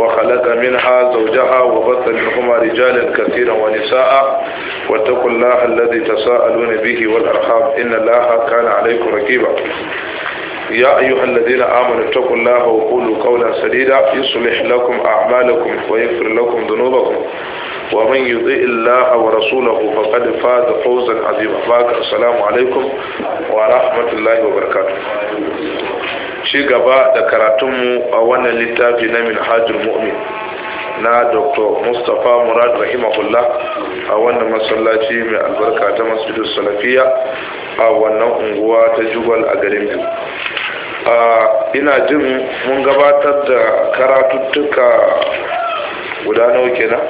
وخلق منها زوجها وبث منهما رجالا كثيرا ونساء واتقوا الله الذي تساءلون به والأرحام إن الله كان عليكم رقيبا يا أيها الذين آمنوا اتقوا الله وقولوا قولا سديدا يصلح لكم أعمالكم ويغفر لكم ذنوبكم ومن يطع الله ورسوله فقد فاز فوزا عظيما السلام عليكم ورحمة الله وبركاته ci gaba da karatunmu a wannan littafi na minhajul mu'min na dr mustapha murad rahimahullah a wannan masallaci mai albarka ta masjidul salafiya a wannan unguwa ta jubal a garin biyu ina jin mun gabatar da karatuttuka guda nawa kenan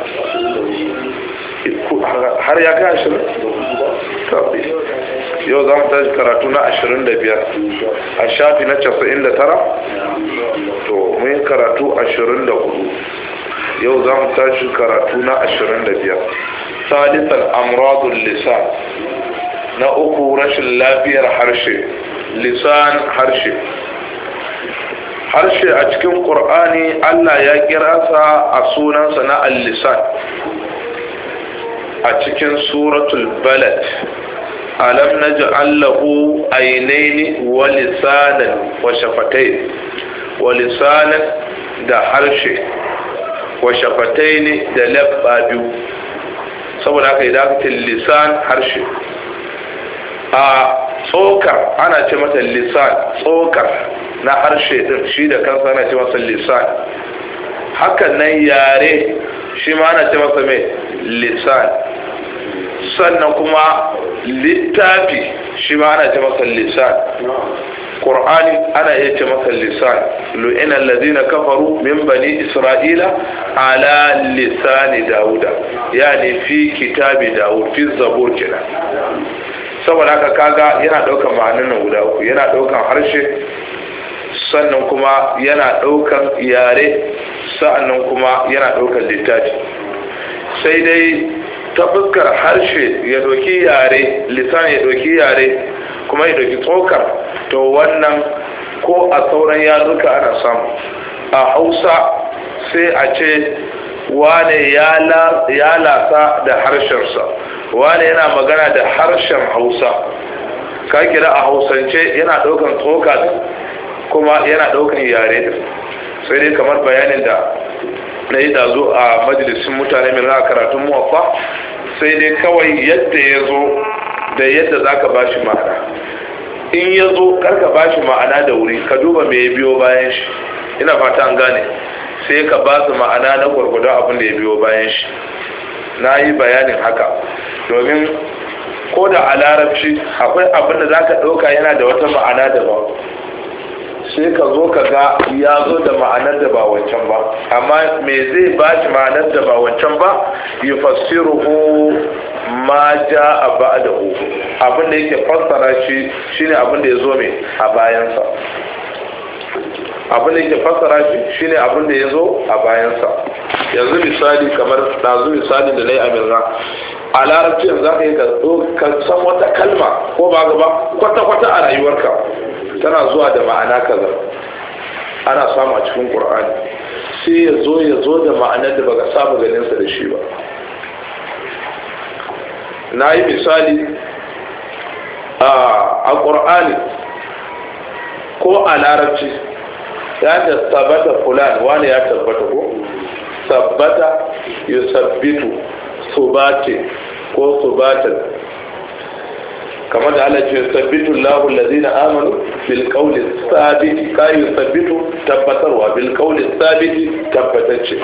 har ya kai yau za mu tashi karatu na 25 a shafi na 99 to mun karatu 24 yau za mu tashi karatu na 25 salisan amradun lisan na uku rashin lafiyar harshe lisan harshe harshe a cikin ƙur'ani allah ya kirasa a sunansa na al-lisan a cikin suratul balad alam naj'al lahu aynayn wa lisanan washafatai shafatayn wa lisanan da harshe washafatai ne da labba biyu saboda aka yi aka lisan harshe a tsokar ana ce mata lisan tsokar na harshe din shi da kansa ana ce masa lisan hakan nan yare shi ma ana ce masa mai lisan sannan kuma littafi shi ma ana ce masa lisan ana iya ce masa lisan lu'ina allazina kafaru min bani isra'ila ala lisani dauda yani fi kitabi daud fi zabur kenan saboda haka kaga yana ɗaukan ma'anan guda uku yana ɗaukan harshe sannan kuma yana ɗaukan yare sa'annan kuma yana ɗaukan littafi sai dai ta fuskar harshe ya doki yare lisan ya doki yare kuma ya doki tsokar to wannan ko a sauran yaruka ana samu a hausa sai a ce wane ya lasa da harshensa wane yana magana da harshen hausa ka kira a hausance yana daukan tsoka kuma yana daukan yare sai dai kamar bayanin da na yi dazu a majalisun mutane mai za karatun muwaffa sai dai kawai yadda ya zo da yadda za ka ba shi ma'ana in ya zo karka ba shi ma'ana da wuri ka duba mai biyo bayan shi ina fata an gane sai ka ba su ma'ana na gwargwadon abin da ya biyo bayan shi na yi bayanin haka domin ko da a larabci akwai abin da za ka ɗauka yana da wata ma'ana daban sai ka zo ka ga ya zo da ma'anar da ba wancan ba amma me zai ba shi ma'anar da ba wancan ba yi ko ma ja a ba'dahu abin da yake fassara shi shine abin da ya zo mai a bayansa abin da yake fassara shi shine abin da ya zo a bayansa yanzu misali kamar ɗazu misali da na yi amirna a larabci yanzu za ka yi ka san wata kalma ko ba ba kwata-kwata a rayuwarka tana zuwa da ma'ana kaza ana samu a cikin ƙur'ani sai ya zo ya zo da ma'anar da baka saba ganinsa da shi ba na yi misali a ƙur'ani ko a larabci ya ta sabata fulan wani ya tabbata ko sabata yusabbitu subate ko subatin كما قال يثبت الله الذين آمنوا بالقول الثابت كاي يثبت تبتروا بالقول الثابت تبتت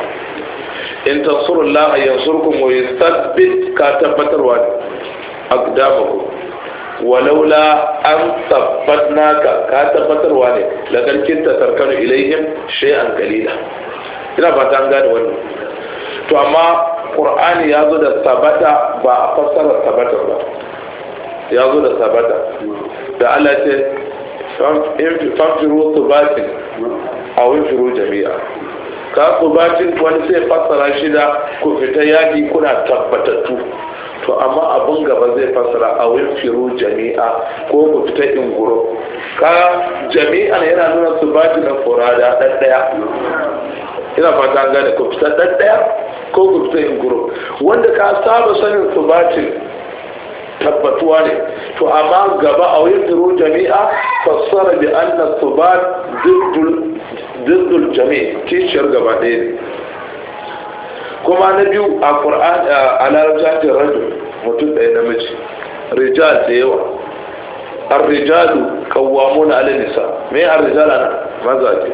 إن تنصروا الله ينصركم ويثبت كتبتروا أقدامكم ولولا أن ثبتناك كتبتروا لكن كنت تركن إليهم شيئا قليلا ina ba ta gane wani to amma ƙur'ani ya da sabata ba a fassarar sabata ba ya zo da sabata da Allah ce famfiru su batin a wunfiru jami'a ka ku batin wani sai fassara shi da ku fita yaki kuna tabbatattu to amma abin gaba zai fassara a wunfiru jami'a ko ku fita in guro ka jami'a yana nuna su batin na furada ɗaɗɗaya ina fata gane ku fita ɗaɗɗaya ko ku fita in guro wanda ka saba sanin su batin tabbatuwa ne to amma gaba a wani turu jami'a fassara da an na su ba dindul jami'a kishiyar gaba ɗaya ne kuma na biyu a ƙur'an a larabta rajo mutum ɗaya namiji rijal da yawa الرجال قوامون na? النساء ما هي الرجال أنا ماذا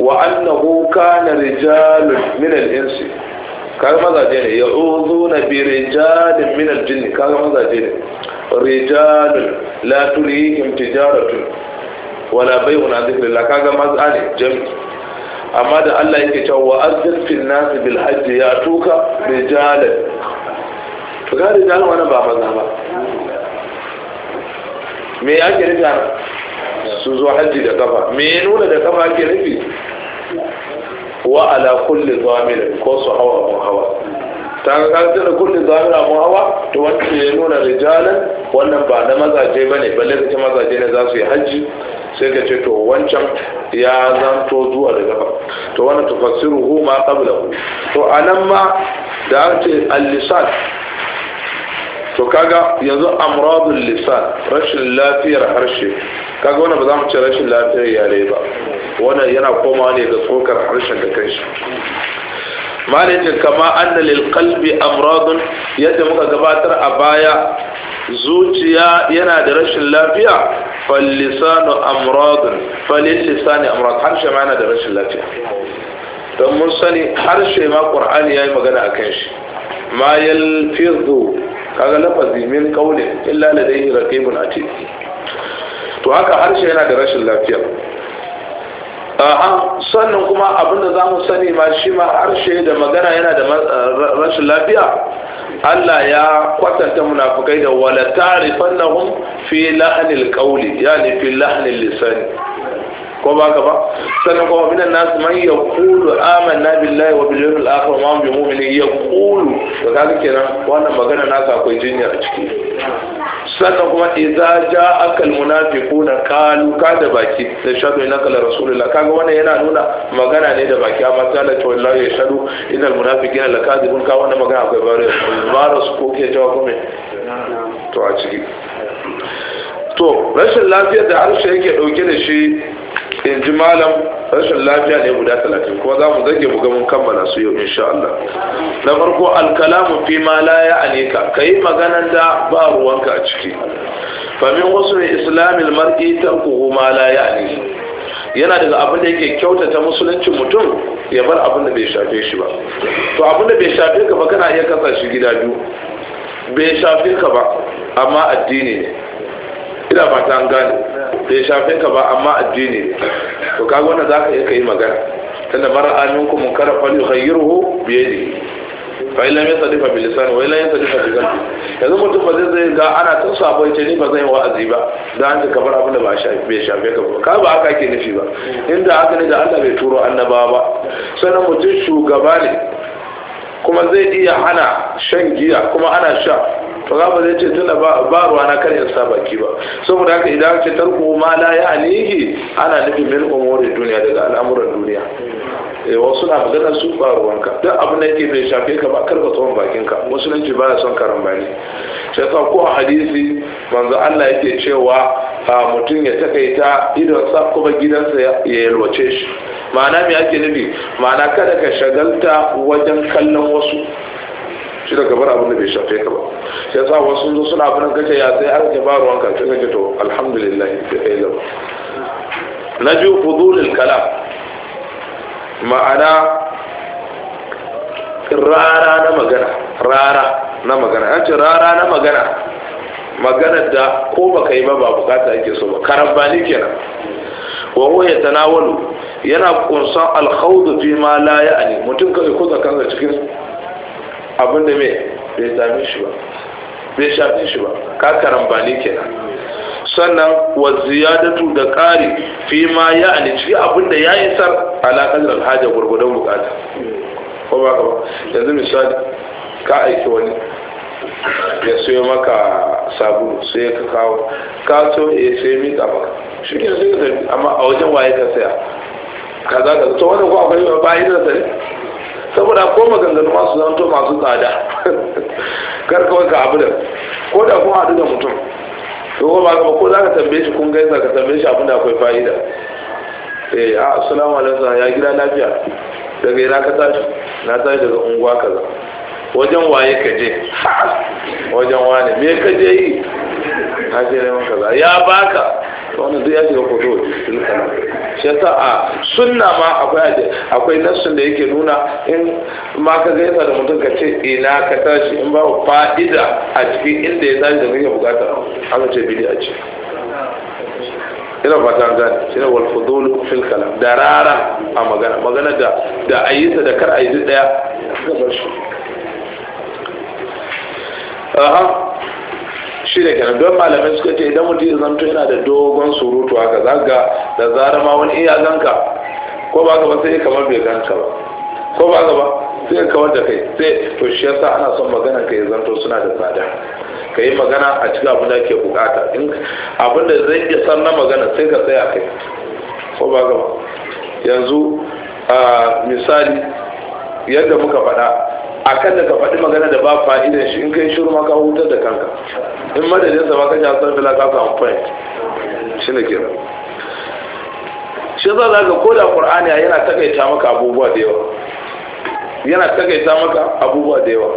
وأنه kana rijalun minal insi kaga mazaje ne ya'uduna bi rijalin min al-jinn kaga mazaje ne rijalun la tulihim tijaratun wala bay'un an la kaga maza ne jami amma da Allah yake cewa wa azzin fil nas bil hajj ya tuka rijalan to ga rijalan wannan ba maza ba me yake nufi su zo hajji da kafa me nuna da kafa ake nufi wa ala kulli zamir ko su hawa mu hawa ta ga kan tsira kulli zamir mu hawa to wanda ya nuna rijalan wannan ba na mazaje bane balle ta mazaje ne za su yi haji sai ka ce to wancan ya zanto zuwa daga ba to wannan tufassiru ma qablahu to anan ma da ce al-lisan to kaga yanzu amradul lisan rashin lafiyar harshe kaga wannan ba za mu ce rashin lafiyar yare ba wannan yana koma ne ga tsokar harshen da kanshi malaita kama anna lil qalbi amradun yadda muka gabatar a baya zuciya yana da rashin lafiya fal lisanu amradun fal lisani amrad harshe ma yana da rashin lafiya don mun sani harshe ma ƙur'ani ya yi magana a kanshi. ma yalfizu kaga lafazi min kaule illa ladayhi raqibun ce to haka harshe yana da rashin lafiya aha sannan kuma abin da zamu sani ma shi ma harshe da magana yana da eh, rashin lafiya Allah ya kwatanta munafikai da wala ta'rifannahum fi lahnil qawli yani fi lahnil lisani ko ba ka ba sannan kuma minan nasu man ya kulu amanna billahi wa bil yawmil akhir wa hum mu'minin ya kulu to kaga kenan wannan magana na ka akwai jinya a ciki sannan kuma idza ja'aka al munafiquna qalu ka da baki da shadu ina kala rasulullah kaga wannan yana nuna magana ne da baki amma sala to wallahi ya shadu innal munafiqina la kadibun ka wannan magana akwai bare bare su ko ke jawo kuma to a ciki to rashin lafiyar da harshe yake dauke da shi in malam rashin lafiya ne guda talatin kuma za mu zage mu ga mun kammala su yau insha Allah na farko alkalamu fi ma la ya Ka kai maganan da ba ruwanka a ciki famin wasu islamil mar'i kuhu ma la ya anika yana daga abin da yake kyautata musulunci mutum ya bar abin da bai shafe shi ba to abin da bai shafe ka ba kana iya kasa shi gida biyu bai shafe ka ba amma addini ne ina fata an gane bai shafe ka ba amma addini ne to kaga wannan zaka iya kai magana tunda mara amin ku mun kara fali khayruhu bi yadi fa illa ya sadifa bil lisan wa illa ya sadifa bi qalbi yanzu mutum ba zai zai ga ana tun sabo yace ni ba zai wa'azi ba dan ka bar abin da ba bai shafe ka ba ka ba haka ke nufi ba inda haka ne da Allah bai turo annabawa ba sannan mutum shugaba ne kuma zai iya hana shan giya kuma ana sha to ga ba zai ce tunda ba ruwa na kar in sa baki ba saboda haka idan ce tarko ma la ya alihi ana nufin min umuri duniya daga al'amuran duniya eh, wasu na maganar su ba ka duk abin da yake bai shafe ka ba karka tsawon bakinka musulunci baya son bani sai yasa ko hadisi manzo Allah yake cewa mutum ya takaita idan sa kuma gidansa ya yalwace shi ma'ana me ake nufi ma'ana kada ka shagalta wajen kallon wasu shi da gabar abin da bai shafe ka ba ya sa wasu sun zo suna abin kace ya sai arziki ba ruwan ka sai to alhamdulillah bai kai da na biyu fudulul kala ma'ana rara na magana rara na magana an ce rara na magana maganar da ko baka yi ba ba bukata yake so ba karambani kenan wa huwa yatanawalu yana kunsan alkhawd fi ma la ya'ni mutum kai kuza kansa cikin abin da mai bai sami shi ba bai shafi shi ba ka karambani kenan sannan wa ziyadatu da ƙari fi ma ya ani ciki abin da ya yi sar alaƙar alhajar gwargwadon bukata ko ba ka ba yanzu misali ka aiki wani ya sayo maka sabulu sai ya kawo ka so eh, ya sayo mika maka shi ke sai ka amma a wajen waye ka saya Ka za ka zato wani ko akwai ba yi da ne? saboda ko maganganu masu zanto masu tsada kar kawai ka abu da ko da kuma haɗu da mutum ko ba ko za ka tambaye shi kun gaisa ka tambaye shi abin da akwai fa'ida eh a assalamu alaikum ya gida lafiya daga ina ka tashi na tashi daga unguwa kaza wajen waye ka je wajen wane me ka je yi ka je ne kaza ya baka wannan duk ya shiga kudu shi yasa a sunna ma akwai akwai nassun da yake nuna in ma ka gaisa da mutum ka ce ina ka tashi in ba fa'ida a cikin inda ya tashi da kake bukata an ce a ce ina ba ta gane shi ne walfudul fil kalam da rara a magana magana da da ayyuka da kar ayyuka daya ga bar shi da kenan don malamai suka ce idan mutum zan to yana da dogon surutu haka za ga da zara ma wani iya ganka ko ba ka ba sai kamar bai ganka ba ko ba ka ba sai kawar da kai sai to shi yasa ana son magana ka zan to suna da tsada ka yi magana a cikin abin da ke bukata abin da zai iya san na magana sai ka tsaya kai ko ba ka ba yanzu misali yadda muka faɗa a kan da ka faɗi magana da ba fa'idar shi in kai shiru ma ka hutar da kanka in madadin sa ba ka ja san fila ka samu point shi ne kenan shi za za ga da qur'ani yana takaita maka abubuwa da yawa yana takaita maka abubuwa da yawa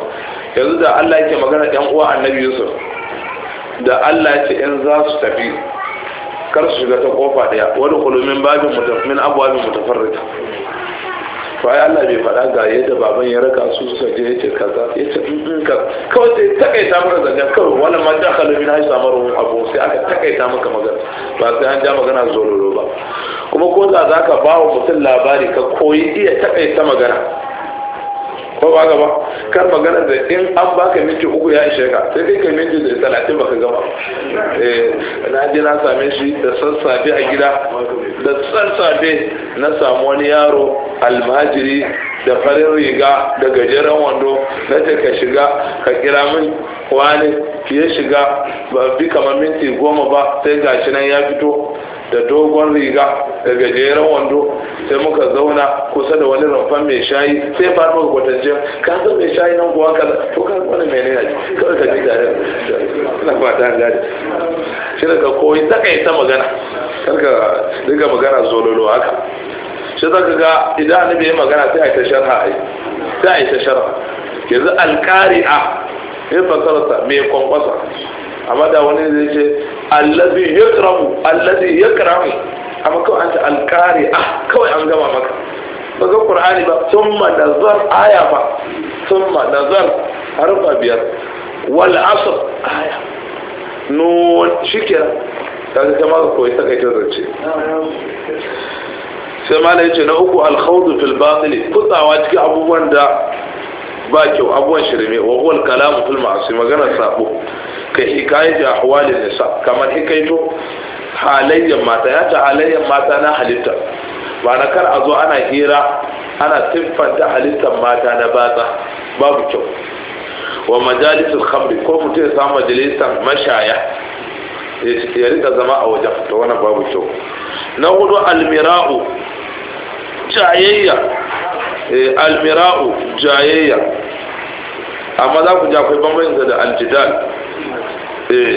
yanzu da Allah yake magana ɗan uwa annabi Yusuf da Allah yake in za su tafi kar su shiga ta kofa daya wani kulumin babin min abuwa mutafarrita to Allah bai faɗa ga yadda baban ya raka su suka je ce kaza ce in mm, mm, ka kawai sai takaita maka zanga kawai wala ma da khalu min haysa maru abu sai aka takaita maka magana ba sai an ja magana zololo ba kuma ko da zaka ba wa mutum labari ka koyi iya takaita magana ko ba gaba kar magana da in an baka minti uku ya ishe ka sai kai kai minti da talatin baka gama eh, na je na same shi da sassafe a gida da sassafe na samu wani yaro almajiri da farin riga da gajeren wando na ce ka shiga ka kira min wani ya shiga ba bi kamar minti goma ba sai gashi nan ya fito da dogon riga da gajeren wando sai muka zauna kusa da wani rumfan mai shayi sai ba muka kwatance ka san mai shayi nan kuwa ka to ka wani mai ne ji kawai ka ji tare ina fata an gane shi da ka koyi ta kai ta magana kar ka riga magana zololo haka shi zaka ga idan annabi ya magana sai a ta sharha ai sai a ta sharha yanzu alqari'a sai fasarta me kwankwasa amma da wani zai ce allazi yakramu allazi yakramu amma kawai an ta alqari'a kawai an gama maka ba ga qur'ani ba thumma nazar aya ba thumma nazar harfa biyar wal asr aya nun shikira kaga kamar koyi kai ta zance sai malai yace na uku alkhawdu fil batil kutsawa cikin abubuwan da ba kyau abubuwan shirme wa huwa al-kalamu fil ma'asi magana sabo kai hikayat ahwalin nisa kamar hikaito halayyan mata ya ta halayyan mata na halitta ba na kar a zo ana hira ana siffanta halittar mata na batsa babu kyau wa majalisul khamri ko mutum ya samu majalisar mashaya ya rika zama a wajen to wannan babu kyau na hudu almira'u jayayya eh, almira'u jayayya amma za ku jakwai akwai da aljidal eh,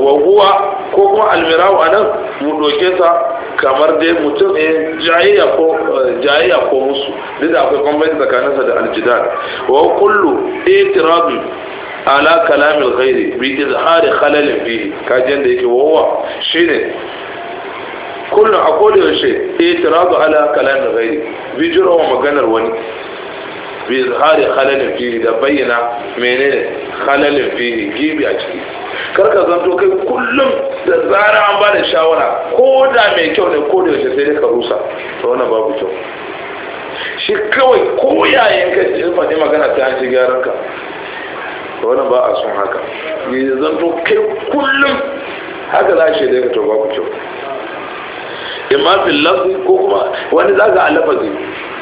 waguwa eh, ko kuma almira'u a nan mu ɗauke kamar dai mutum ne jayayya ko musu duk da akwai bambanci tsakaninsa da aljidal wa kullu itirabin ala kalamin ghairi bi izhari khalalin fi kajin da yake wawa shine kullum a yaushe, yi itirazu ala kalan bi jira wa maganar wani bi zahari halalin fili da bayyana menene halalin fili gibi a ciki karka zanto kai kullum da zara an ba da shawara ko da mai kyau ne ko da yaushe sai dai ka rusa ta wani babu kyau shi kawai ko yayin ka ji ne magana ta yanci gyaran ka ta wani ba a son haka ne zanto kai kullum haka za shi dai ka to babu kyau imma fil lafzi ko kuma wani zaga a lafazi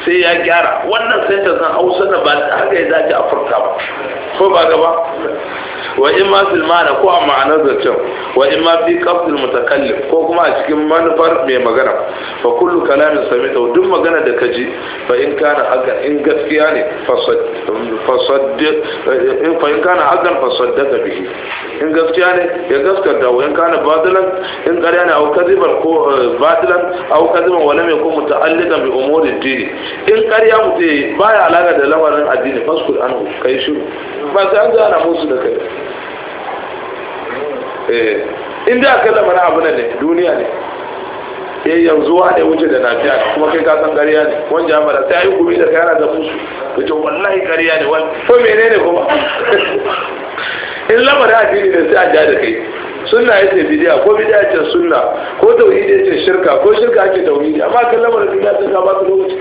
sai ya gyara wannan sai ta san hausa na ba haka ya dace a furta ba ko ba gaba wa in ma fil ma'ana ko a ma'anar zancen wa in ma fi qasdil mutakallim ko kuma a cikin manufar mai magana fa kullu kalamin sami'ta duk magana da kaji fa in kana hakan in gaskiya ne fa saddiq fa in kana hakan fa saddaka bihi in gaskiya ne ya gaskata wa in kana batilan in ƙarya ne au kadiban ko eh, batilan au kadiban wala mai ko ta'allika bi umuri dini in ƙarya mutai baya alaka da lamarin addini faskul anhu kai shiru ba sai an gana musu da kai Eh, in da aka zama na abu ne duniya ne ya eh, yanzu wa ne wuce da nafiya kuma kai ka san gariya ne wanda ya mara sai yi gumi da kayana da musu da ce wallahi gariya ne wani ko mene ne kuma in lamarin addini ne sai a ja da kai suna ya ce bidiya ko bidiya ce suna, ko tauhidi ne ce shirka ko shirka ake ce ne. amma kan lamarin bidiya sun ka ba su lokaci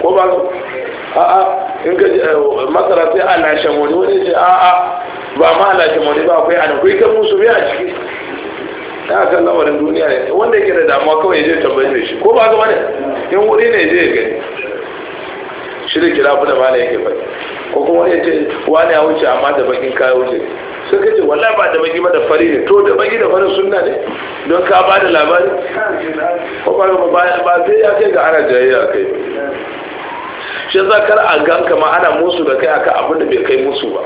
ko ba su a'a in ka eh, masara sai a lashe wani wani ce a'a ba ma ala ce wani ba akwai ana kai kan musu biya a ciki ta kan lamarin duniya ne wanda yake da damuwa kawai zai tambaye shi ko ba gaba ne in wuri ne zai gani shi da kira fi da mana yake faɗi ko kuma wani ya ce wani ya wuce amma da bakin kaya wuce sai kace ce ba da baki ba da fari ne to da baki da farin sunna ne don ka ba da labari ko ba ga ba sai ya kai ga ana jayayya kai shi zakar a ganka ma ana musu da kai aka abin da bai kai musu ba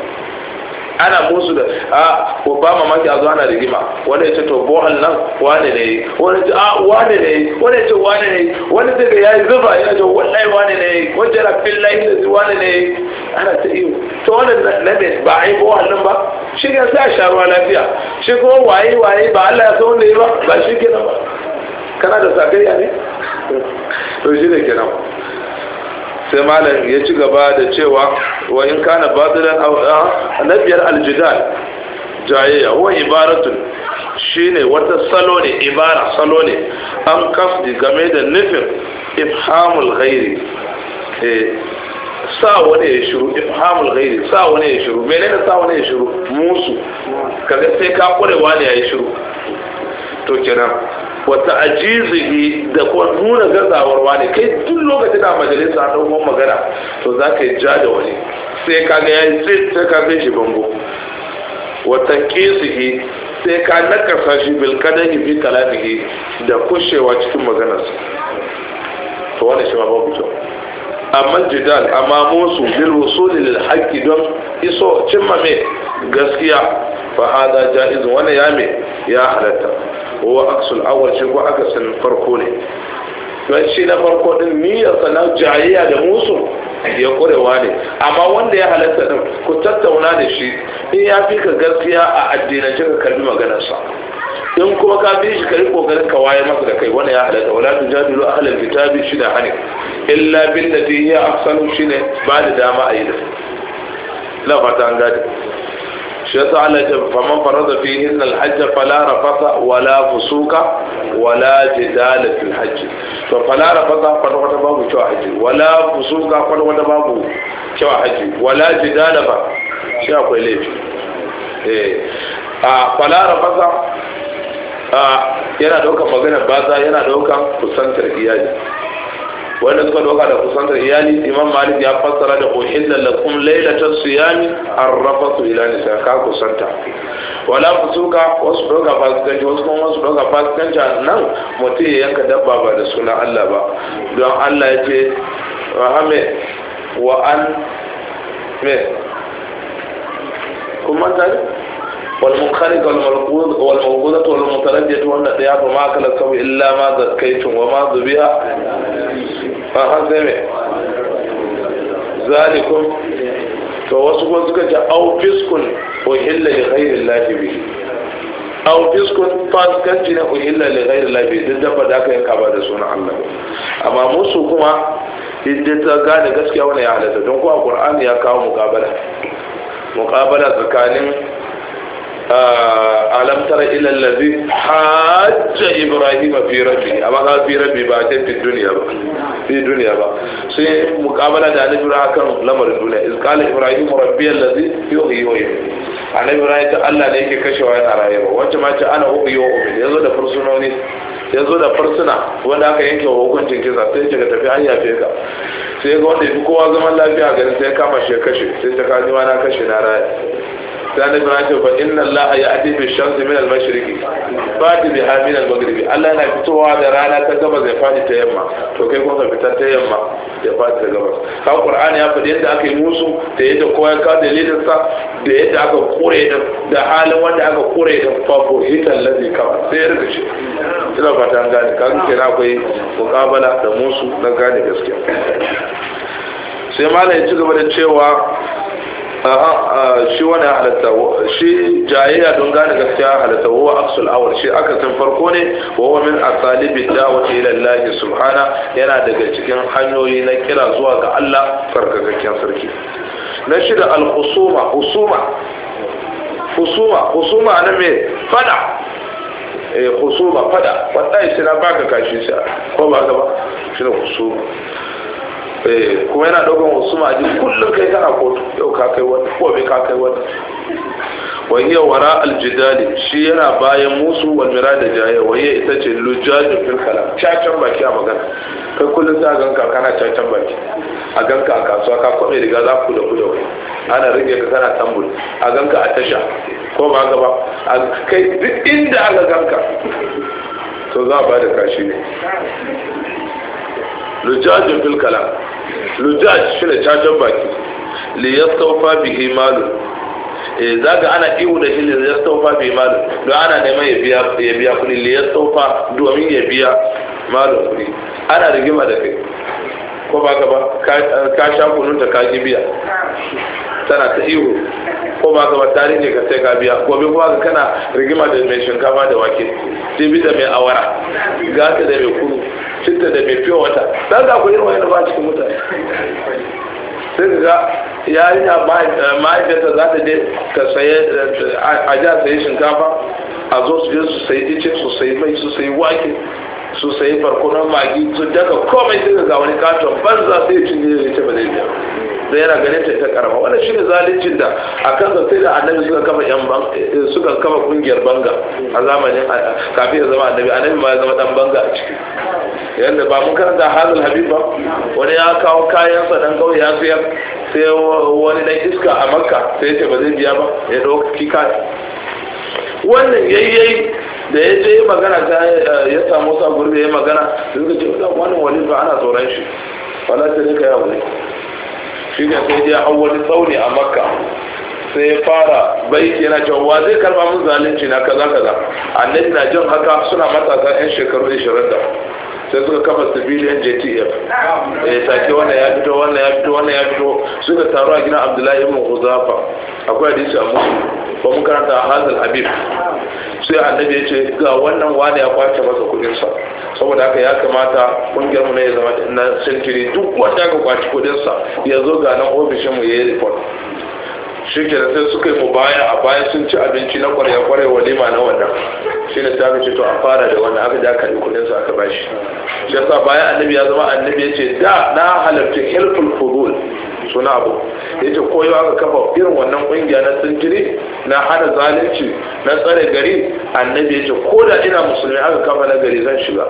ana musu da a ko ba mamaki a zo ana rigima wanda ya ce to bohal nan wane ne wani ce a wane ne wani ce wane ne wani ce ya yi zuba ya ce wallahi wane ne wajen na fillahi da zuwa ne ne ana ta iyo to wani na mai ba a yi bohal nan ba shi ga sa sharuwa lafiya shi ko waye waye ba Allah ya san wanda ya ba ba shi kenan ba kana da sakariya ne to shi ne kenan sai malam ya ci gaba da cewa wa in kana batilan aw na biyar aljidal jayayya huwa ibaratun shine wata salo ne ibara salo ne an kasdi game da nufin ifhamul ghairi eh, sa wani ya shiru ifhamul ghairi sa wani ya shiru menene sa wani ya shiru musu kaga sai ka kurewa ne ya shiru to kenan wata ajizihi da kuma nuna gazawar wani kai duk lokacin da majalisa ta kuma magana to za ka yi ja da wani sai ka ga yayi yi ta sai ka fi shi bango wata kesihi sai ka nakasa shi bilkada yi bi kalamihi da kushewa cikin maganarsa to wani shi ma babu kyau amma jidal amma musu bil wusuli lil haqqi don iso cimma mai gaskiya fa hada jaiz wani ya me ya halatta wa aksul awal shi ko akasin farko ne don shi na farko din niyyarsa na jayayya da musu ya kurewa ne amma wanda ya halatta din ku tattauna da shi in ya fi ka gaskiya a addinance ka karbi maganarsa in kuma ka bi shi kai kokarin ka waye masa da kai wani ya halatta wala tujadilu ahlal kitabi shi da hanin illa billati hiya ahsanu shine ba da dama a yi da la fata an gadi shi Allah ya faman farada fi hinna al-hajj fala rafata wala fusuka wala jidala fil hajj to fala rafata kwata kwata babu kyau haji wala fusuka kwata kwata babu kyau haji wala jidala ba shi akwai laifi eh a fala yana baza yana daukan kusantar iyali wanda suka doka da kusantar iyali imam malik ya fassara da uhilla lakum lailatul siyami arrafatu ila nisa ka kusanta wala fusuka wasu doka fasikanci wasu kuma wasu doka fasikanci nan mutum ya yanka dabba ba da sunan Allah ba don Allah ya ce rahame wa an me kuma tare والمنخنقة والموقوذة والمتردية وأن الضيافة ما أكل السبع إلا ما زكيتم وما ذبيها a hanzai zalikun to wasu kuma suka ce au fiskun uhilla li ghairin lahi bi au fiskun faskanci na uhilla li ghairin lahi bi duk dabba da aka yanka ba da suna Allah amma musu kuma idan ta gane gaskiya wani ya halatta don kuwa Qur'ani ya kawo muƙabala muƙabala tsakanin alam tara ila allazi hajja ibrahim fi rabbi amma ga fi rabbi ba ta fi duniya ba fi duniya ba sai muqabala da annabi kan lamarin duniya iz qala ibrahim rabbi allazi yuhyi wa yumiit annabi ibrahim Allah ne yake kashewa yana rayuwa wacce ma ta ana uhyi wa umiit da fursunoni yanzu da fursuna wanda aka yanke wa hukuncin kisa sai ya tafi hanya yafe ka sai ga wanda ya fi kowa zaman lafiya garin sai kama shi ya kashe sai ta kaji ma na kashe na rayuwa Sani annabi ya ce fa inna allaha ya'ti bi shamsi min al-mashriqi fati bi min al-maghribi Allah yana fitowa da rana ta gabas ya fadi ta yamma to kai kuma ka fita ta yamma ya fadi ta gabas ka Qur'ani ya faɗi yadda aka yi musu da yadda kowa ka da dalilin sa da yadda aka kure da da halin wanda aka kure da fafo hitan lazi kama sai ya rikice ina fata an gane ka kenan akwai muƙabala da musu na gane gaskiya sai malai ya ci gaba da cewa Aha, shi wani halatta shi jayayya don gane gaskiya halatta wa aksul awar shi aka san farko ne wa wa min asalibi da'wati ila Allah subhana yana daga cikin hanyoyi na kira zuwa ga Allah sarkakakken sarki na shida al-husuma husuma husuma husuma na me fada eh husuma fada wallahi sai na baka kashi sai ko ba ka ba shi ne husuma Eh, kuma yana daukan wasu maji kullum kai kana kotu yau ka kai wani bai ka kai wani wa hiya wara aljidali shi yana bayan musu wal da jaya wa hiya ita ce lujaju fil kalam cacan baki a magana kai kullum za ganka kana cacan baki a ganka a kasuwa ka kwame riga za ku da ku da wai ana rage ka kana tambul a ganka a tasha ko ba gaba a kai duk inda aka ganka to za a ba da kashi ne lujaju fil kalam lujaj shi ne cajan baki li ya saufa bihi malu eh, za ga ana iwu da shi li ya saufa bihi malu don ana neman ya biya kuɗi li ya saufa domin ya biya malu kuɗi ana rigima da kai ko ba ka ba ka sha ta ka ji biya tana ta ihu ko ma gaba tarihi ne ka sai ka biya gobe kuma ka kana rigima da mai shinkafa da wake bi da mai awara gata da mai kuru citta da mai fiye wata dan ga ku irin wani ba cikin mutane sai ka ga yarinya ma'aikata eh, za ta je ka saye eh, a ja saye shinkafa a zo su je su sayi ice su sayi mai su sayi wake su sayi farkunan magi su daga komai sai ga wani katon banza sai ya cinye ne ce ba zai biya da yana ganin ta ita karama wannan shine zalincin da a kan sai da annabi suka kafa yan ban eh, suka kafa kungiyar banga a zamanin kafin ya zama annabi annabi ma ya zama dan banga a ciki yanda ba mun karanta hazal habib ba wani ya kawo kayan sa dan kauye ya sayar sai wani dan iska a makka sai ya ce ba zai biya ba ya dauki kati wannan yayyai da ya je magana ta eh, ya samu sa gurbe ya magana da suka ce wannan wani ba ana tsoron shi wala ta ne ka abu ne shi ne sai ya hau wani tsauni a makka sai ya fara baiki yana cewa wa zai karba mun zalunci na kaza kaza annabi na jin haka suna matasa yan shekaru 20 da sai suka kafa civilian JTF eh take wannan ya fito wannan ya fito wannan ya fito suka taru a gina Abdullahi ibn Huzafa akwai hadisi a musu ba mun karanta Hazal Habib sai annabi ya ce ga wannan wani ya kwace masa kudinsa saboda haka ya kamata kungiyar mu ne ya zama na sirkiri duk wanda aka kwace kudinsa ya zo ga nan ofishin mu yayi report shi ke sai suka yi mu baya a baya sun ci abinci na kwarya kwarya walima na wannan shi ne ta ce to a fara da wannan aka ja kuɗinsa kudinsa aka bashi shi yasa bayan annabi ya zama annabi ya ce da na halarci helpful furul suna abu ya ce koyo aka kafa irin wannan kungiya na sintiri na hana zalunci na tsare gari annabi ya ce ko da ina musulmi aka kafa na gari zan shiga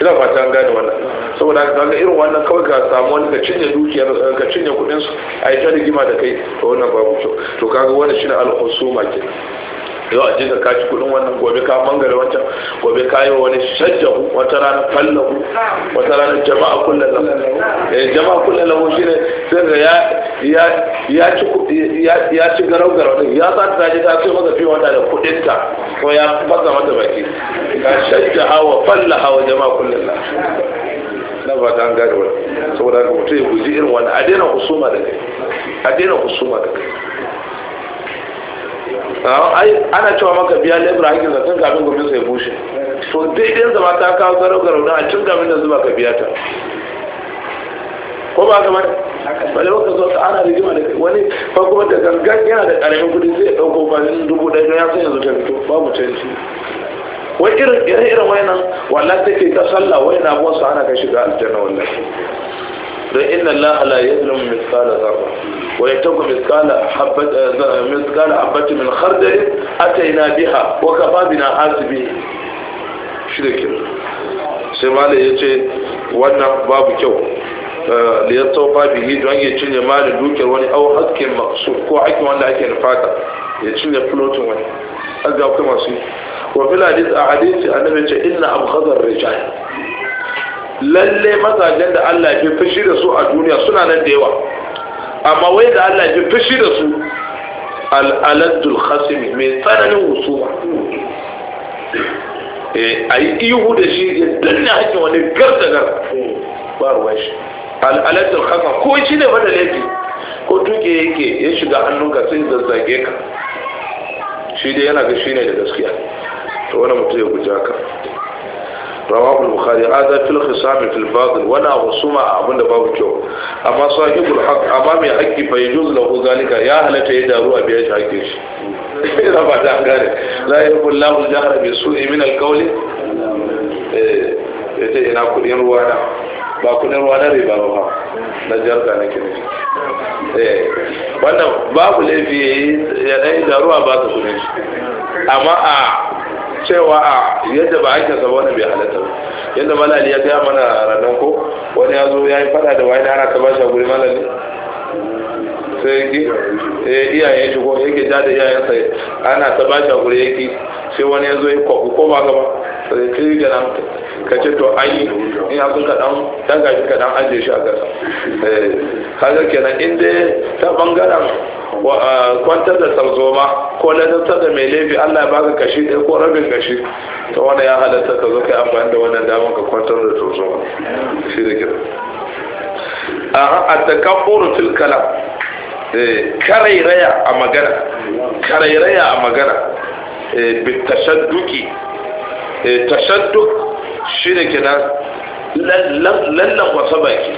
ina fata an gane wannan saboda haka kaga irin wannan kawai ka samu wani ka cinye dukiya eh, ka cinye kudin su a yi ta rigima da kai to wannan babu kyau to kaga wani shi na alkhusuma kenan yau a jika ka kudin wannan gobe ka mangare wancan gobe ka yi wani shajjahu wata rana fallahu wata rana jama'a kullum lahu eh jama'a kullum lahu shine sai ga ya ya ya ci garau garau din ya sa ta ji ta ce maka fi wata da kudin ta ko ya fasa mata baki ka shajjaha wa fallaha wa jama'a kullum lahu na ba ta an wani saboda ga mutum ya guji irin wani a daina husuma da kai a daina husuma da kai ana cewa maka biya lebura hakin zakan gabin gobe sai bushe to daidai zama ta kawo garau garau na a cin gamin da zuba ka biya ta ko ba kamar bale ka zo ta ana rigima da wani ba kuma da gangan yana da karamin kudi zai dauko ba ni dubu ɗaya ya san yanzu ta fito babu canji wai irin irin irin nan wallahi take ta sallah wayannan na su ana kai shiga aljanna wallahi don inna allaha la yuzlimu mithqala dharra wa yataku mithqala habbati eh, mithqala habbati min khardal ataina biha wa kafa bina hasibi shirkin sai malai yace wannan babu kyau da eh, liyar tsofa bihi don ya cinye malin dukiyar wani au hasken masu ko ake wanda ake nufata ya cinye flotin wani azga kuma su wa fil hadith a hadisi annabi ce inna abghadar rijal lalle mazajen da Allah ya fushi da su a duniya suna nan da yawa amma wai da Allah ya fushi da su al'adul khasimi mai tsananin husuma eh, a yi ihu da shi ya danna hakin wani gardagar ba ruwa shi al'adul khasima ko shi ne da laifi ko duke yake ya shiga hannunka sai zazzage ka shi dai yana ga shi ne da gaskiya to wani mutum ya guji ka. رواه البخاري هذا في الخصام في الباطل ولا خصومة أبن باب جو صاحب الحق أمام فيجوز له ذلك يا لا يقول الله الجهر بسوء من القول كل ba kudin ruwa riba ba wannan babu ya ba su kudin amma a cewa a yadda ba ake sa wani bai halatta ba yadda malali ya gaya mana ranar ko wani ya zo ya yi fada da wani ana ta bashi a guri malali sai ki eh, iyayen shi ko yake ja da sai ana ta bashi a guri yake sai wani ya zo ya kwaku ko ba gaba sai ki ga nan ka ce to an yi in ya kuka dan daga shi ka dan ajiye shi a ƙasa eh, kaga kenan inda ta bangaren kwantar da tarzoma ko ladantar da mai laifi allah ya baka kashi ɗaya ko rabin kashi ta wani ya halatta ka zo kai amfani da wannan damar ka kwantar da tarzoma shi da kira a takabburu fil kalam eh, karairaya a magana karairaya a magana eh, bitashadduki eh, tashadduk shi da kina lallan wasa baki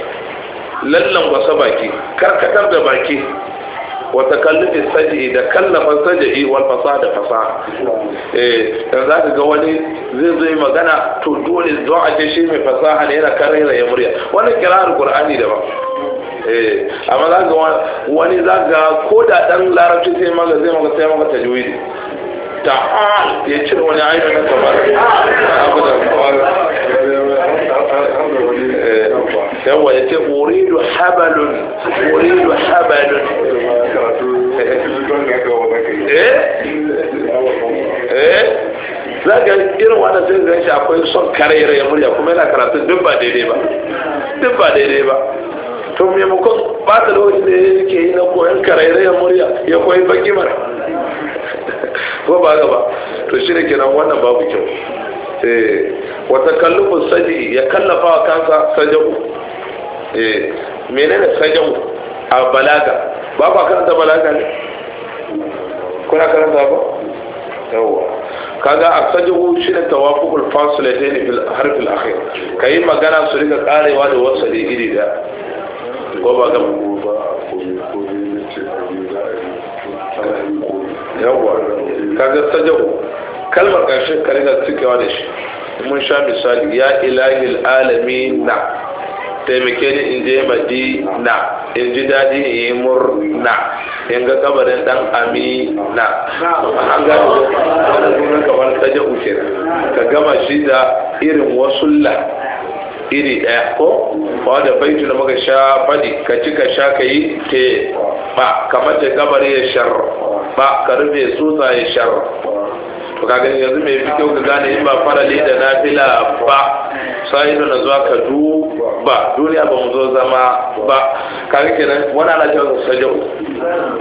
lallan wasa baki karkatar da baki wa takallufi saj'i da kallafa saj'i wal fasaha da fasaha eh za ka ga wani zai zai magana to dole zo ce shi mai fasaha ne yana karira ya murya wannan kirar qur'ani da ba eh amma ga wani zaka ko da dan larabci sai maka zai maka sai maka tajwidi ta ya cire wani ayyuka na kamar abu da kamar eh, yawa ya ce uridu habalun uridu habalun za ga irin wanda zai zai shi akwai son karaira ya murya kuma yana karatu duk ba daidai ba duk ba daidai ba to maimakon ba ta lokacin da ya ke yi na koyon karaira ya murya ya koyi baki mara ko ba gaba to shi ne kenan wannan babu kyau eh, wata kallufin saji ya kallafa wa kansa sajau eh, menene sajau a balaga ba ba karanta balaga ne kuna karanta ba yawwa kaga asajihu shi da tawafuqul fasilatain fil harf al akhir kai magana su rika karewa da wasali iri da ko ba ga ba yawwa kaga sajahu kalmar karshe ka rika cikewa da shi mun sha misali ya ilahil alamin na taimake ni in je madina in ji daɗi in yi murna in ga kabarin dan amina an gano wani sunan kamar ta jahu ka gama shi da irin wasulla iri ɗaya ko da baitu na maka sha fadi ka ci ka sha ka yi te ba kamar da kabar ya shar ba ka rufe tsutsa ya shar kaga yanzu mai fi kyau ka gane in ba farali da nafila ba sai da zuwa ka duba duniya ba mu zo zama ba kaga kenan wani ana cewa sajau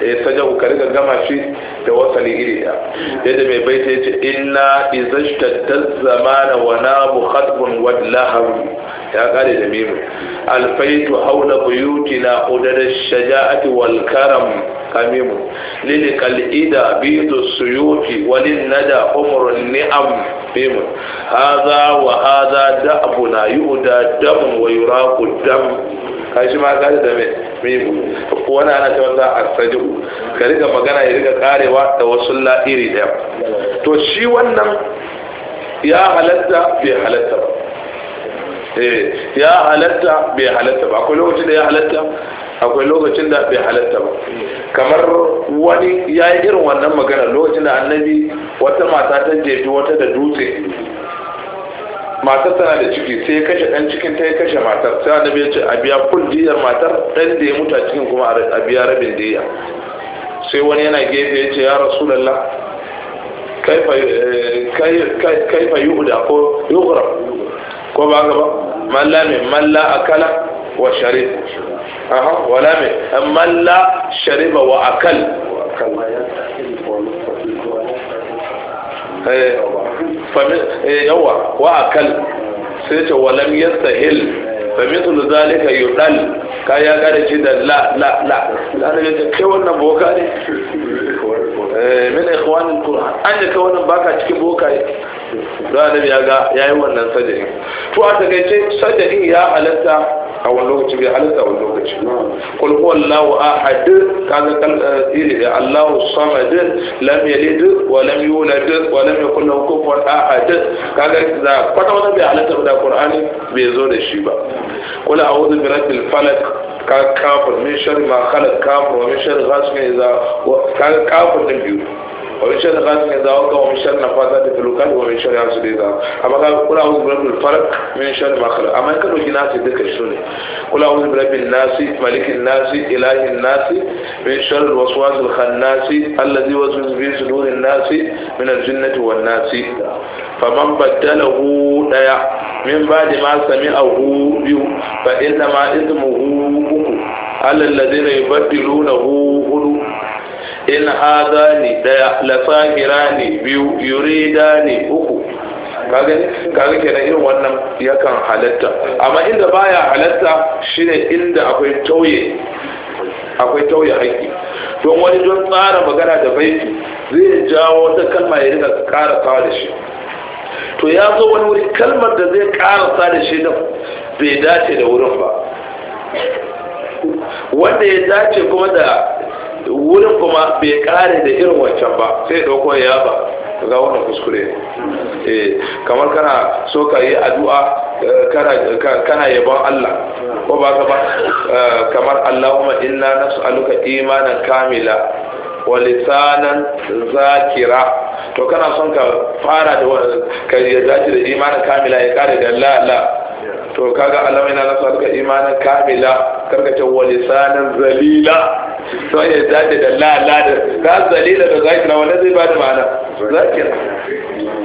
eh sajau ka riga gama shi da ne iri da yadda mai baita yace inna izashtatta zamana wa nabu khatbun wa lahu ya kare da mimu alfaitu haula buyutina udada shaja'ati wal karam kamimu lilikal ida bidu suyuti walin nada humurun ni'am bimu haza wa haza da abu na yi uda damun wa yura ku dam ka shi ma kaji da mimu wani ana cewa za a saju ka riga magana ya riga karewa da wasu la'iri daya to shi wannan ya halatta bai halatta ba eh, ya halatta bai halatta ba ko lokacin da ya halatta akwai lokacin da bai halatta ba kamar wani ya yi irin wannan magana lokacin da annabi wata mata ta jefi wata da dutse matar tana da ciki sai ya kashe ɗan cikin ta ya kashe matar sai annabi ya ce a biya kul diyar matar ɗan da ya mutu a cikin kuma a biya rabin diya sai wani yana gefe ya ce ya rasulallah kaifa eh, yuhda ko yuhra ko ba gaba malla mai malla akala wa sharib wala me wa eh, eh, yawa wa sai zalika yudal ka ya da la la la la wannan boka ne eh, min ikhwanul qur'an an da wannan baka cikin boka ne da annabi ya ga yayin wannan sajadin to a takaice sajadin ya halatta a wani lokaci bai halitta wani lokaci kul huwa allahu ahad kaga eh, iri da allahu samad lam yalid wa lam yulad wa lam yakul lahu kufuwan ahad kaga da kwata wani bai halitta da qur'ani bai zo da shi ba kul a'udhu bi rabbil falaq ka kafir min sharri ma khalaq kafir wa min sharri ghasiqin idha kaga kafir din biyu ومن شر غاسق إذا وقع ومن شر النفاثات في العقد ومن شر حاسد إذا أما قال قل أعوذ برب الفرق من شر ما خلق أما كانوا جناس ذكر شنو قل أعوذ برب الناس ملك الناس إله الناس من شر الوسواس الخناس الذي وسوس في صدور الناس من الجنة والناس فمن بدله ديا من بعد ما سمعه بيو فإنما إثمه uku alal ladina yubaddilunahu in haza ne daya lasahira ne biyu yurida ne uku kaga kaga kenan irin wannan yakan halatta amma inda baya halatta shine inda akwai tauye akwai tauye haƙƙi don wani don tsara magana da baiti zai jawo wata kalma ya rika ƙarasa da shi to ya zo wani wuri kalmar da zai sa da shi da bai dace da wurin ba wanda ya dace kuma da wurin kuma bai kare da irin wancan ba sai dauko ya ba ga wannan kuskure eh kamar kana so ka yi addu'a eh, kana yabon Allah ko ba ka ba eh, kamar Allahumma inna nas'aluka imanan kamila wa lisanan zakira to kana son ka fara da ka yarda da imanin kamila ya kare da la la to kaga alamina na ka imanin kamila karkace wani lisanin zalila sai ya dace da lala da ka zalila da na wani zai bada ma'ana zaki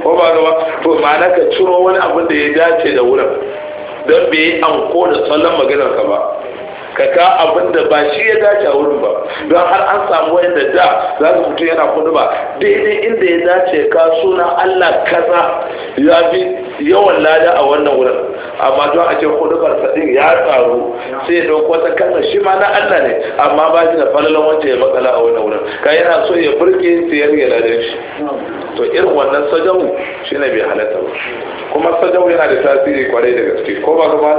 ko ba ga to ma'ana ka ciro wani abu da ya dace da wurin don bai yi anko da salon maganar ka ba ka ka abin da ba shi ya dace a wurin ba don har an samu wanda da za su mutu yana kudu ba daidai inda ya dace ka suna allah kaza ya fi yawan lada a wannan wurin amma don a ce kudu farfadin ya tsaro sai don wata kasa shi ma na allah ne amma ba shi da falalan wancan ya matsala a wannan wurin ka yana so ya burge sai ya rige ladan shi to irin wannan sajau shi ne bai halatta ba kuma sajau yana da tasiri kwarai da gaske ko ba ga ba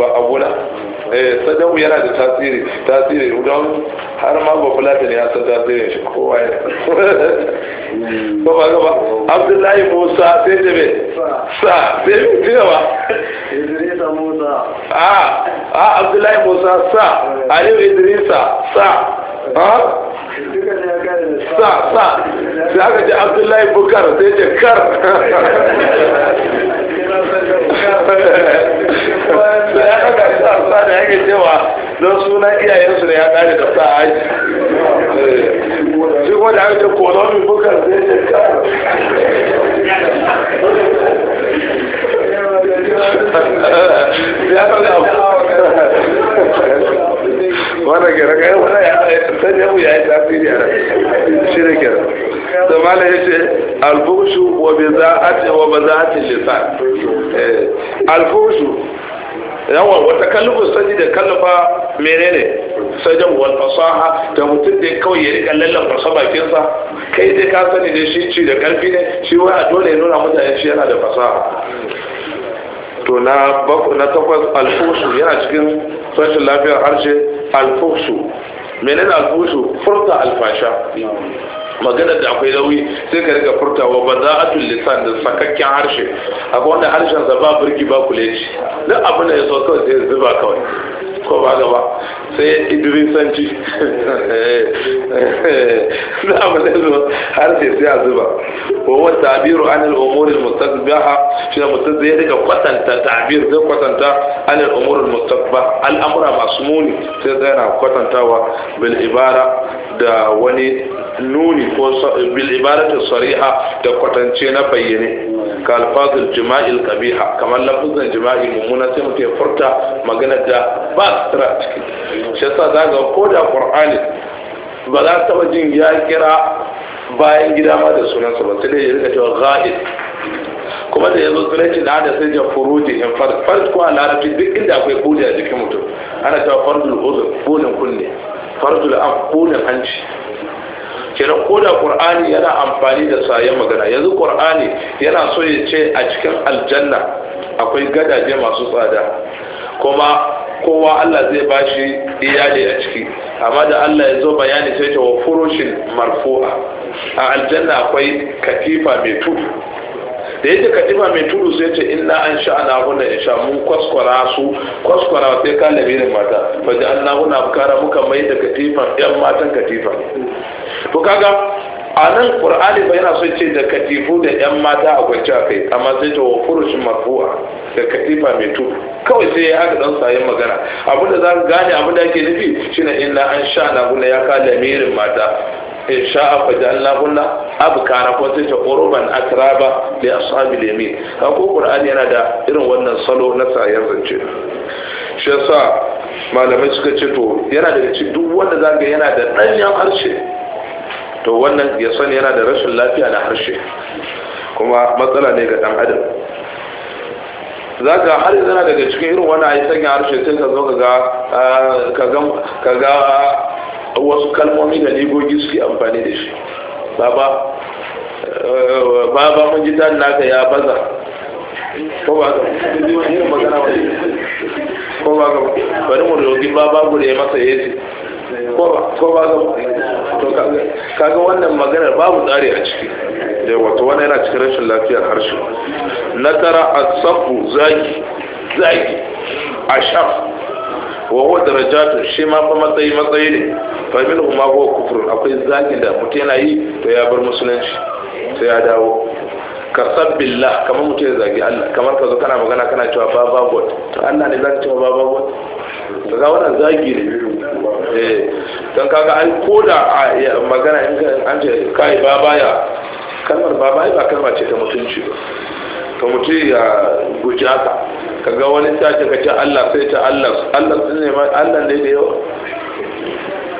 ba abuna eh, sajau. yana da tasiri tasiri don har ma ba fulata ne ya san tasirin shi kowa ya hmm. ko ba gaba abdullahi musa sai da me sa sai me tuna ba a a abdullahi musa sa aliyu idrisa sa ha sa sa sai aka ji abdullahi bukar sai ce kar to ya ɗaga shi a da yake cewa don iyayensu ya ɗari da sa aji eh, shi kuma da aka bukar zai ce eh, ya wanda kai wanda ya ya shi da mala ya ce wa bi wa lisan eh, yawon wata kalifin sani da kalifa menene sajan wal fasaha da mutum da kawai ya rika lallan fasa bakinsa kai dai ka sani ne shi ci da karfi ne shi wai a dole ya nuna mutane shi yana da fasaha to na bako na takwas alfushu yana cikin rashin lafiyar harshe alfushu menene alfushu furta alfasha maganar da akwai nauyi sai ka riga furtawa ba za a tullisan da sakakken harshe akwai wanda harshen sa ba birki ba kuleci duk abu da ya so kawai sai zuba kawai ko ba gaba sai idrisanci za mu lazo har sai sai a zuba wa wa tabiru an al-umur ba ha shi da mutum zai daga kwatanta tabiru zai kwatanta an al-umur al-mustaqbah al-amra masmuni sai zai na kwatantawa bil ibara da wani nuni ko bil ibara ibaratu sariha da kwatance na bayyane ka alfazul jima'il qabiha kamar lafazan jima'i mummuna sai mutum ya furta magana da ba sutura a cikin shi yasa za ga ko da qur'ani ba za ta taba jin ya kira bayan gida ma da sunansa ba sai dai ya rika cewa ghaid kuma da yanzu sunanci na da sai jan furuji in fard fard ko a larabci duk inda akwai buɗe a jikin mutum ana cewa fardul uzur buɗin kunne fardul am buɗin hanci kira ko da qur'ani yana amfani da sayan magana yanzu qur'ani yana so ya ce a cikin aljanna akwai gadaje masu tsada kuma kowa Allah zai ba shi iyali a ciki amma da Allah ya zo bayani sai ta wa marfu'a a aljanna akwai katifa mai tudu da yake katifa mai tudu sai ta inna an ana huna ya sha mu kwaskwara su kwaskwara sai kala labirin mata fa ji na huna bukara muka mai da katifa yan matan katifa to kaga a nan ƙur'ani ba yana so ce da katifu da 'yan mata a kwanci a kai amma sai ta wa furushin mafuwa da katifa mai tu kawai sai ya haka don sayan magana abu da za ka gane abu da ake nufi shine na an sha na guna ya ka lamirin mata in sha a fajan an guna abu kara ko sai ta ƙoroban atraba da ashabi lemi ka ko ƙur'ani yana da irin wannan salo na sayan zance shi yasa malamai suka ce to yana da duk wanda za yana da ɗanyen harshe to wannan ya sani yana da rashin lafiya na harshe kuma matsala ne ga dan adam za ka har yanzu na daga cikin irin wani yi sanya harshe sai ka zo ka ga wasu kalmomi da ligogi suke amfani da shi baba baba mun ji dan naka ya baza ko ba ka ji wani irin magana wani ko ba ka bari mu rogi baba gure masa yesu ko ba ga to kaga wannan maganar babu tsari a ciki da wato wani yana cikin rashin lafiyar harshe na tara asafu zagi zaki ashaf wa huwa darajatu shi ma fa matsayi matsayi ne fa minhu ma huwa akwai zagi da mutum yana yi to ya bar musulunci sai ya dawo ka sabbillah kamar mutum ya zagi Allah kamar ka zo kana magana kana cewa baba god to Allah ne zan cewa baba god to ga wannan zagi ne eh dan kaga ai koda magana in ka an ce kai baba ya kalmar baba ai ba kalma ce ta mutunci ba ka mutum ya guji haka ga wani sace ka ce Allah sai ta Allah Allah sun ne ma Allah ne da yawa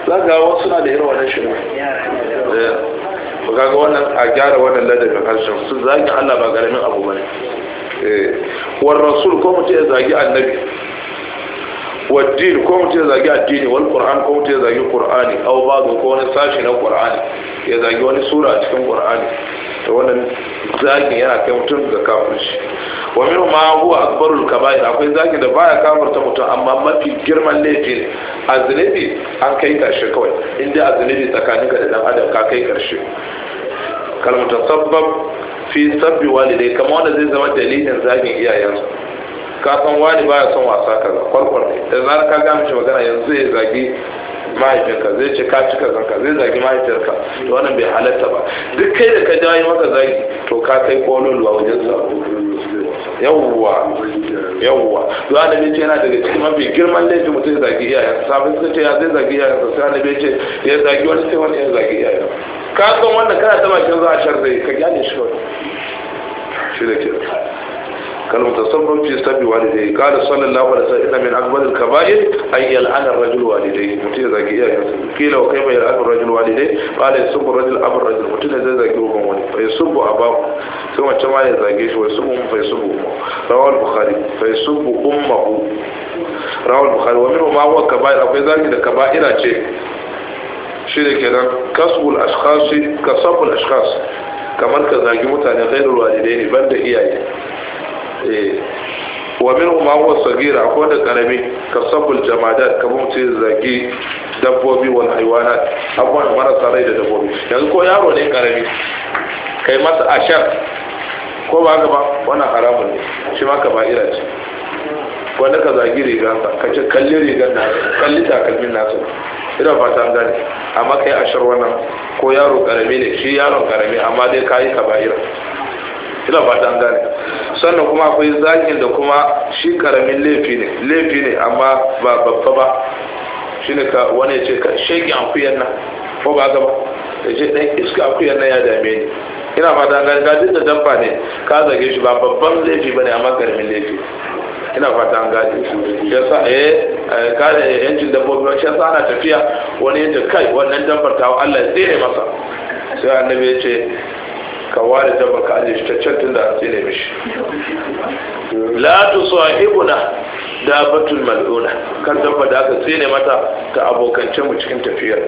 zaka wasu na da irin wannan shirin eh. ba kaga wannan a gyara wannan ladabin harshen su zagi Allah ba garamin abu ba ne. Eh, war rasul ko mutum ya zagi annabi waddin ko mutum ya zagi addini wal qur'an ko mutum ya zagi qur'ani aw ga ko wani sashi na qur'ani ya zagi wani sura a cikin qur'ani to wannan zagi yana kai mutum ga kafirci wa min ma huwa akbarul kaba'ir akwai zaki da baya kafarta mutum amma mafi girman laifin azinabi an kai karshe kawai inda azinabi tsakanin ka da dan adam ka kai karshe kalmata sabab fi sabbi walidai kamar wanda zai zama dalilin zagin ka san wani baya son wasa kaza kwarkwar ne da zarar ka ga mishi magana yanzu zai zagi mahaifinka zai ce ka cika zanka zai zagi mahaifinka to wannan bai halatta ba duk kai da ka jawo maka zagi to ka kai kololuwa wajen sa yawwa yawwa to annabi ya ce yana daga cikin mafi girman laifi mutum ya zagi iyayen sabin suka ce ya zai zagi iyayen sa sai annabi ya ce ya zagi wani sai wani ya zagi iyayen ka san wanda kana ta bakin za a shar zai ka gane shi wani shi da ke kalau tasarrun fi sabi walidai qala sallallahu alaihi wasallam min akbar al kaba'ir ay al rajul walidai mutune zaki iya kila wa kaiba al anar rajul walidai qala yasubbu rajul abu rajul mutune zai zaki ubun wani fa yasubbu abahu sai wace ma ya shi wa yasubbu fa yasubbu rawahu al bukhari fa yasubbu ummuhu rawahu al bukhari ma huwa kaba'ir akwai zaki da kaba'ira ce shi da ke nan kasbul ashkhasi kasabul kamar ka zagi mutane ghairu walidai ne banda iyaye Eh. wa min ma huwa sagira ko da karami ka sabul jamadat ka mun ce zagi dabbobi wal haywanat abubuwan marasa rai da dabbobi yanzu ko yaro ne karami kai masa ashar ko ba gaba wannan haramun ne shi ma ka ba ira ce wanda ka zagi riga ka ce kalli rigar na kalli takalmin nasu ba ta gane amma kai ashar wannan ko yaro karami ne shi yaron karami amma dai yi ka ba ira ba ta gane sannan kuma akwai zagin da kuma shi karamin laifi ne laifi ne amma ba babba ba shi ne ka wani ce ka shegin akuyan nan ko ba gaba da ce ɗan iska akuyan nan ya dame ni ina gani ga duk da damfa ne ka zage shi ba babban laifi ba ne amma karamin laifi ina fata an gaji yasa eh, eh da yancin dabbobi wacce yasa ana tafiya wani yadda kai wannan damfar tawo Allah ya tsere masa sai annabi ya ce ka ware baka aje shi ta can tun da an tsine mishi la tu sahibuna da batul mal'una kan dabba da aka tsene mata ta abokance mu cikin tafiyar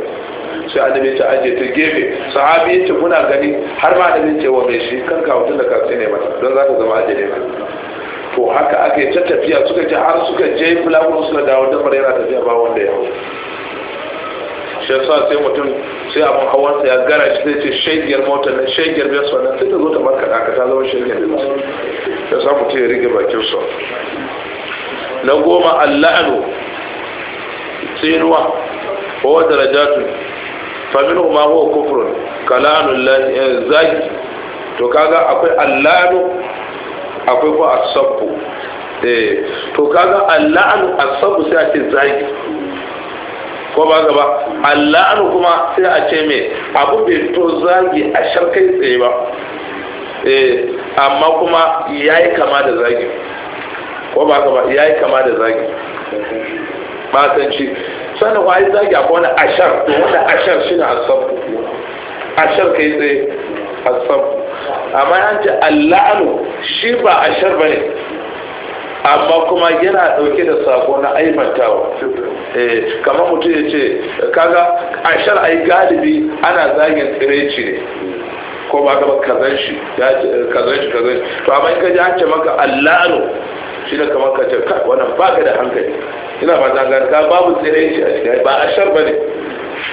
sai annabi ta aje ta gefe sahabi ta kuna muna gani har ma da ce wa mai shi kan kawo tun da ka tsene mata don za ka zama aje ne to haka aka yi ta tafiya suka je har suka je fulawar suka dawo dabbar yana tafiya ba wanda ya hau shi yasa sai mutum sai abin hawansa ya gara shi zai ce shegiyar mota na shagiyar bai sa sai ta zo ta marka da aka ta zama shegiyar bai sa ya sa mutum ya rige bakin sa na goma alla'anu tsinuwa wa darajatu famin ma huwa kufrun kalanun eh, zaki to kaga akwai alla'anu akwai ko asabbu eh, to kaga alla'anu asabu sai ake zaki ko ba gaba Allah anu kuma sai a ce me abu bai to zagi a sharkai tsaye ba eh, amma kuma ya yi kama da zagi ko ba gaba ya yi kama da zagi batanci sannan kuwa yi zagi akwai wani ashar to wani ashar shi ne asabu ashar kai tsaye asabu amma yanci alla'anu shi ba ashar ba ne amma kuma yana dauke da sako na aibantawa eh, kamar mutum ya ce kaga a shar'ai galibi ana zagin tsireci ne ko ba ka ba kazan shi kazan shi kazan to amma in ka ji an ce maka allaro shi da kamar ka ce wannan ba ka da hankali ina ba zagar ka babu tsireci a cikin ba a shar ba ne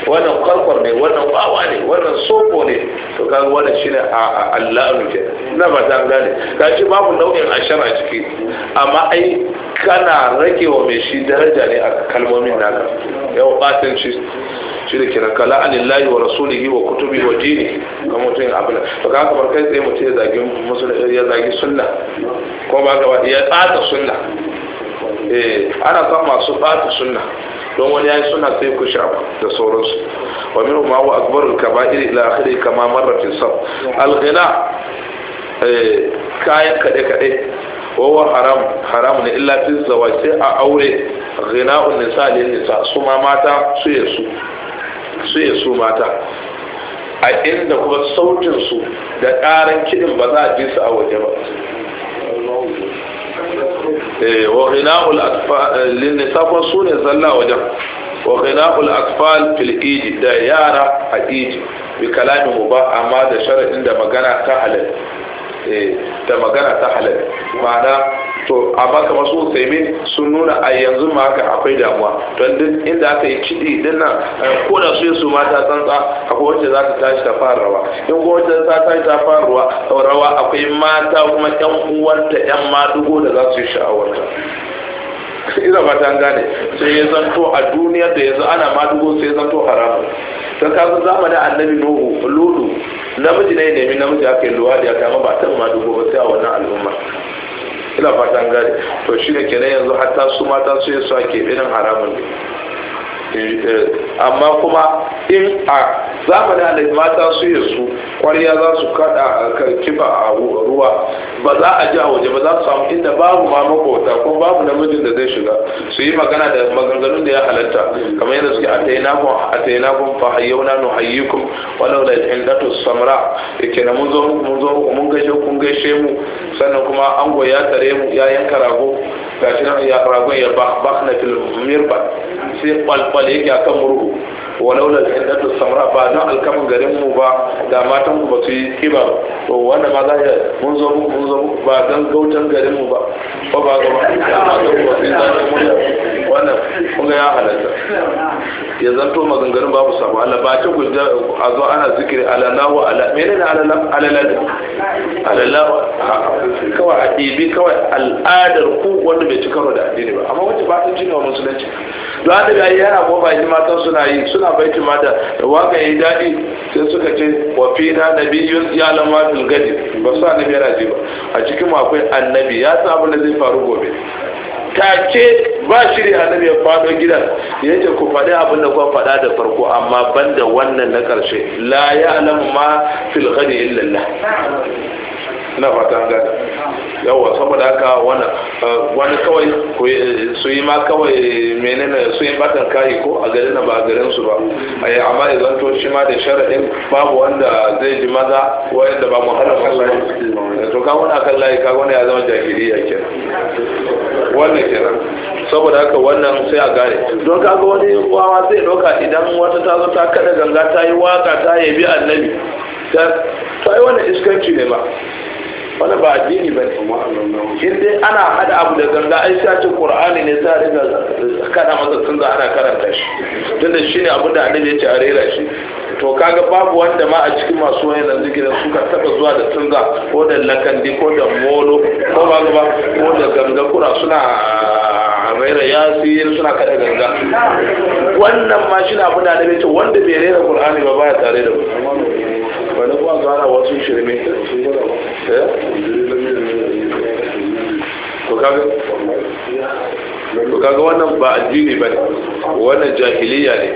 wannan kwarkwar ne wannan bawa ne wannan soko ne to kaga wannan shine a Allahu ke na ba ta gane kaji babu nau'in ashara ciki amma ai kana rage wa mai shi daraja ne a kalmomin naka yau batin shi shi da kira kala alillahi wa rasulihi wa kutubi wa dini ga mutum abin to ka kamar kai tsaye mutum ya zagi musulmi ya zagi sunna ko ba gaba ya tsata sunna eh ana kan masu tsata sunna don wani ya yi suna sai ku sha da sauransu wa minu ma huwa akbarul kaba'ir ila akhiri kama marrafin fi sab eh, kayan kade kade wa haram haram ne illa fi zawaj a aure ghina'un nisa lil nisa su ma mata su ya su su ya su mata a inda kuma sautin su da karan kidin ba za a ji su a waje ba Eh, wa ghina'ul atfal eh, lin nisa kun salla sallah wajen wa ghina'ul atfal fil id da yara a id bi kalamin mu ba amma da sharadin da magana ta halal eh da magana ta halal ma'ana to a baka masu usaimi sun nuna a yanzu ma haka akwai damuwa don duk inda aka yi kidi din nan eh, ko da su su mata tsantsa akwai wacce za ta tashi ta fara rawa in ko wacce za ta tashi ta fara rawa akwai mata kuma yan uwanta yan madugo da za su yi sha'awarta ina ba ta gane sai ya zanto a duniyar da yanzu ana madugo sai ya zanto haramun don kasu zamanin annabi nuhu ludu namiji ne nemi namiji aka yi luwadi a kama ba ta madugo ba sai a wannan al'umma ina fatan gane to shi ne kenan yanzu hatta su mata su yi sake irin haramun ne Eh, eh, amma kuma in a zamanin da mata su yi su kwarya za su kada kiba a ruwa ba za a ji a waje ba za su samu inda babu ma makota ko babu namijin da zai shiga su yi magana da maganganun da ya halatta kamar yadda suke atainakun atainakun fa hayyuna nuhayyikum walau la hindatu samra yake na mun zo mun zo mun gaishe kun gaishe mu sannan kuma ango ya tare mu ya yanka rago gashi nan ya ragon ya bakna fil mirba sai kwalkwale yake akan murhu walau da hindatu samra ba don alkaman garin mu ba da matan mu ba su yi kiba to wanda ma za ya mun zo mu mun zo ba don gautan garin mu ba ba ba ga ba ma ba sai za mu mun wannan kun ga ya halatta ya zanto maganganun babu samu Allah ba ta gudda a zo ana zikiri alala wa ala menene alala ala alala kawai a ɗibi kawai al'adar ku wanda bai ci karo da addini ba amma wacce ba ta cika wa musulunci to an daga yana kofa yi matan suna yi suna baiti mata da waka yi daɗi sai suka ce wa fina biyu ya lama ba su annabi yana ji ba a cikin makon annabi ya samu abin da zai faru gobe take ba shiri annabi ya faɗo gidan ya ce ku faɗi abin da kuka faɗa da farko amma banda wannan na ƙarshe la ya alamu ma fil gadi illallah ina fata an gane yawa saboda haka eh, wani kawai su yi ma kawai menene su yi batan kayi ko a garin ba a garin su ba yi eh, amma ya zanto shi ma da shara'in babu wanda zai ji maza da ba mu hana da eh, to ka wani akan layi ka wani ya zama jahiliya kenan wannan kenan saboda haka wannan sai a gane don ga wani wawa zai ɗauka idan wata ta zo ta kada ganga ta yi waka ta yabi annabi ta yi wannan iskanci ne ba wani ba addini ba ne in dai ana hada abu da ganga ai sai ce qur'ani ne sai riga kada masa sun da ana karanta shi tunda shine abin da annabi ya ce a rera shi to kaga babu wanda ma a cikin masu wani nan zikirin suka taba zuwa da tunza ko da lakandi ko da molo ko ba ba ko da ganga kura suna ah, raira yasir suna kada ganga wannan ma shi ne abin da annabi ya ce wanda bai rera qur'ani ba baya tare da mu wani kuma gana wasu shirme ya eh? to kaga wannan ba addini ba ne wannan jahiliya ne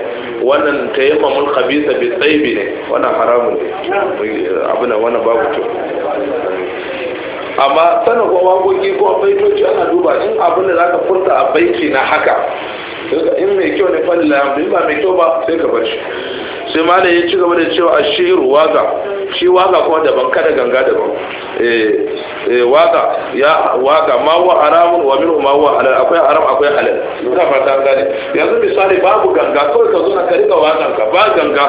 wannan yi tayammamul khabisa bi tsaibi ne wannan haramun ne abin da wannan babu to amma sanin kuma waƙoƙi ko baitoci ana duba in abin da ka furta a baiki na haka in mai kyau ne falla in ba mai kyau ba sai ka bar shi sai malam ya ci gaba da cewa ashiru waga shi waga kuma daban kada ganga daban eh, eh, waga ya waga ma wa haramun wa min ma wa halal akwai haram akwai halal ina fata gane yanzu misali babu ganga kawai ka zo na karika wagan ka ba ganga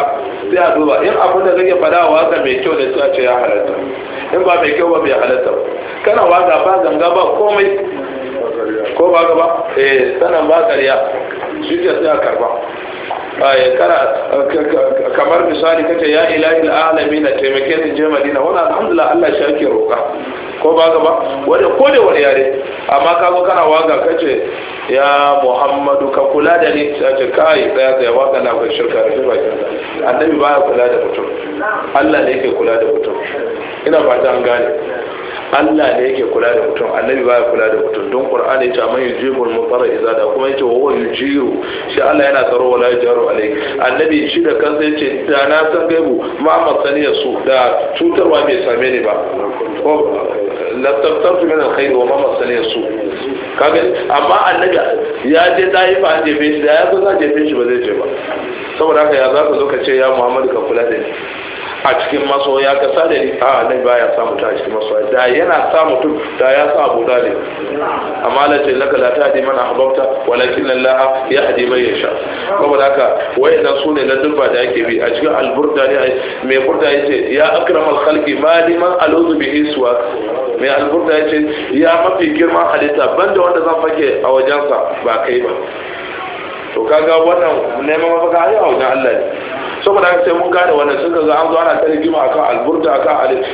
sai a duba in abin da zai fada waga mai kyau da su a ce ya halatta in ba mai kyau ba mai halatta kana waga ba ganga ba komai ko ba gaba eh sanan ba kariya shi ke sai a karba kamar misali kace ya ilahi alalamin na taimake ni je madina wannan alhamdulillah Allah shi yake roka ko ba ga ba wanda ko da wani yare amma ka zo kana waga kace ya muhammadu ka kula da ni ta ce kai tsaya tsaya waga na kai shirka da ba annabi baya kula da mutum Allah ne yake kula da mutum ina fata an gane Allah ne yake kula da mutum annabi baya kula da mutum don qur'ani yace amma yujibul mutarra idza da kuma yace wa huwa yujiru shi Allah yana tsaro wala jaru alai annabi shi da kansa yace da na san gaibu ma masaniya su da cutarwa bai same ni ba la tabtartu min alkhair wa ma masaniya su kaga amma annabi ya je dai fa an jefe da ya zo za jefe shi ba zai je ba saboda haka ya za ka zo ka ce ya Muhammadu ka kula da ni a cikin maso ya ka sadari a nan baya sa mutum a cikin maso da yana sa mutum da ya sa abu ne amma la ce laka la tahdi man ahbabta walakin ya yahdi man yasha saboda haka su sune na dubba da yake bi a cikin alburda ne mai burda yace ya akramal khalqi man aluzu bi iswa mai alburda yace ya mafi girman halitta banda wanda zan fake a wajensa ba kai ba to kaga wannan neman mafaka ai a wajen Allah ne saboda sai mun gane wannan sun ga an zo ana ta rigima akan alburda akan alif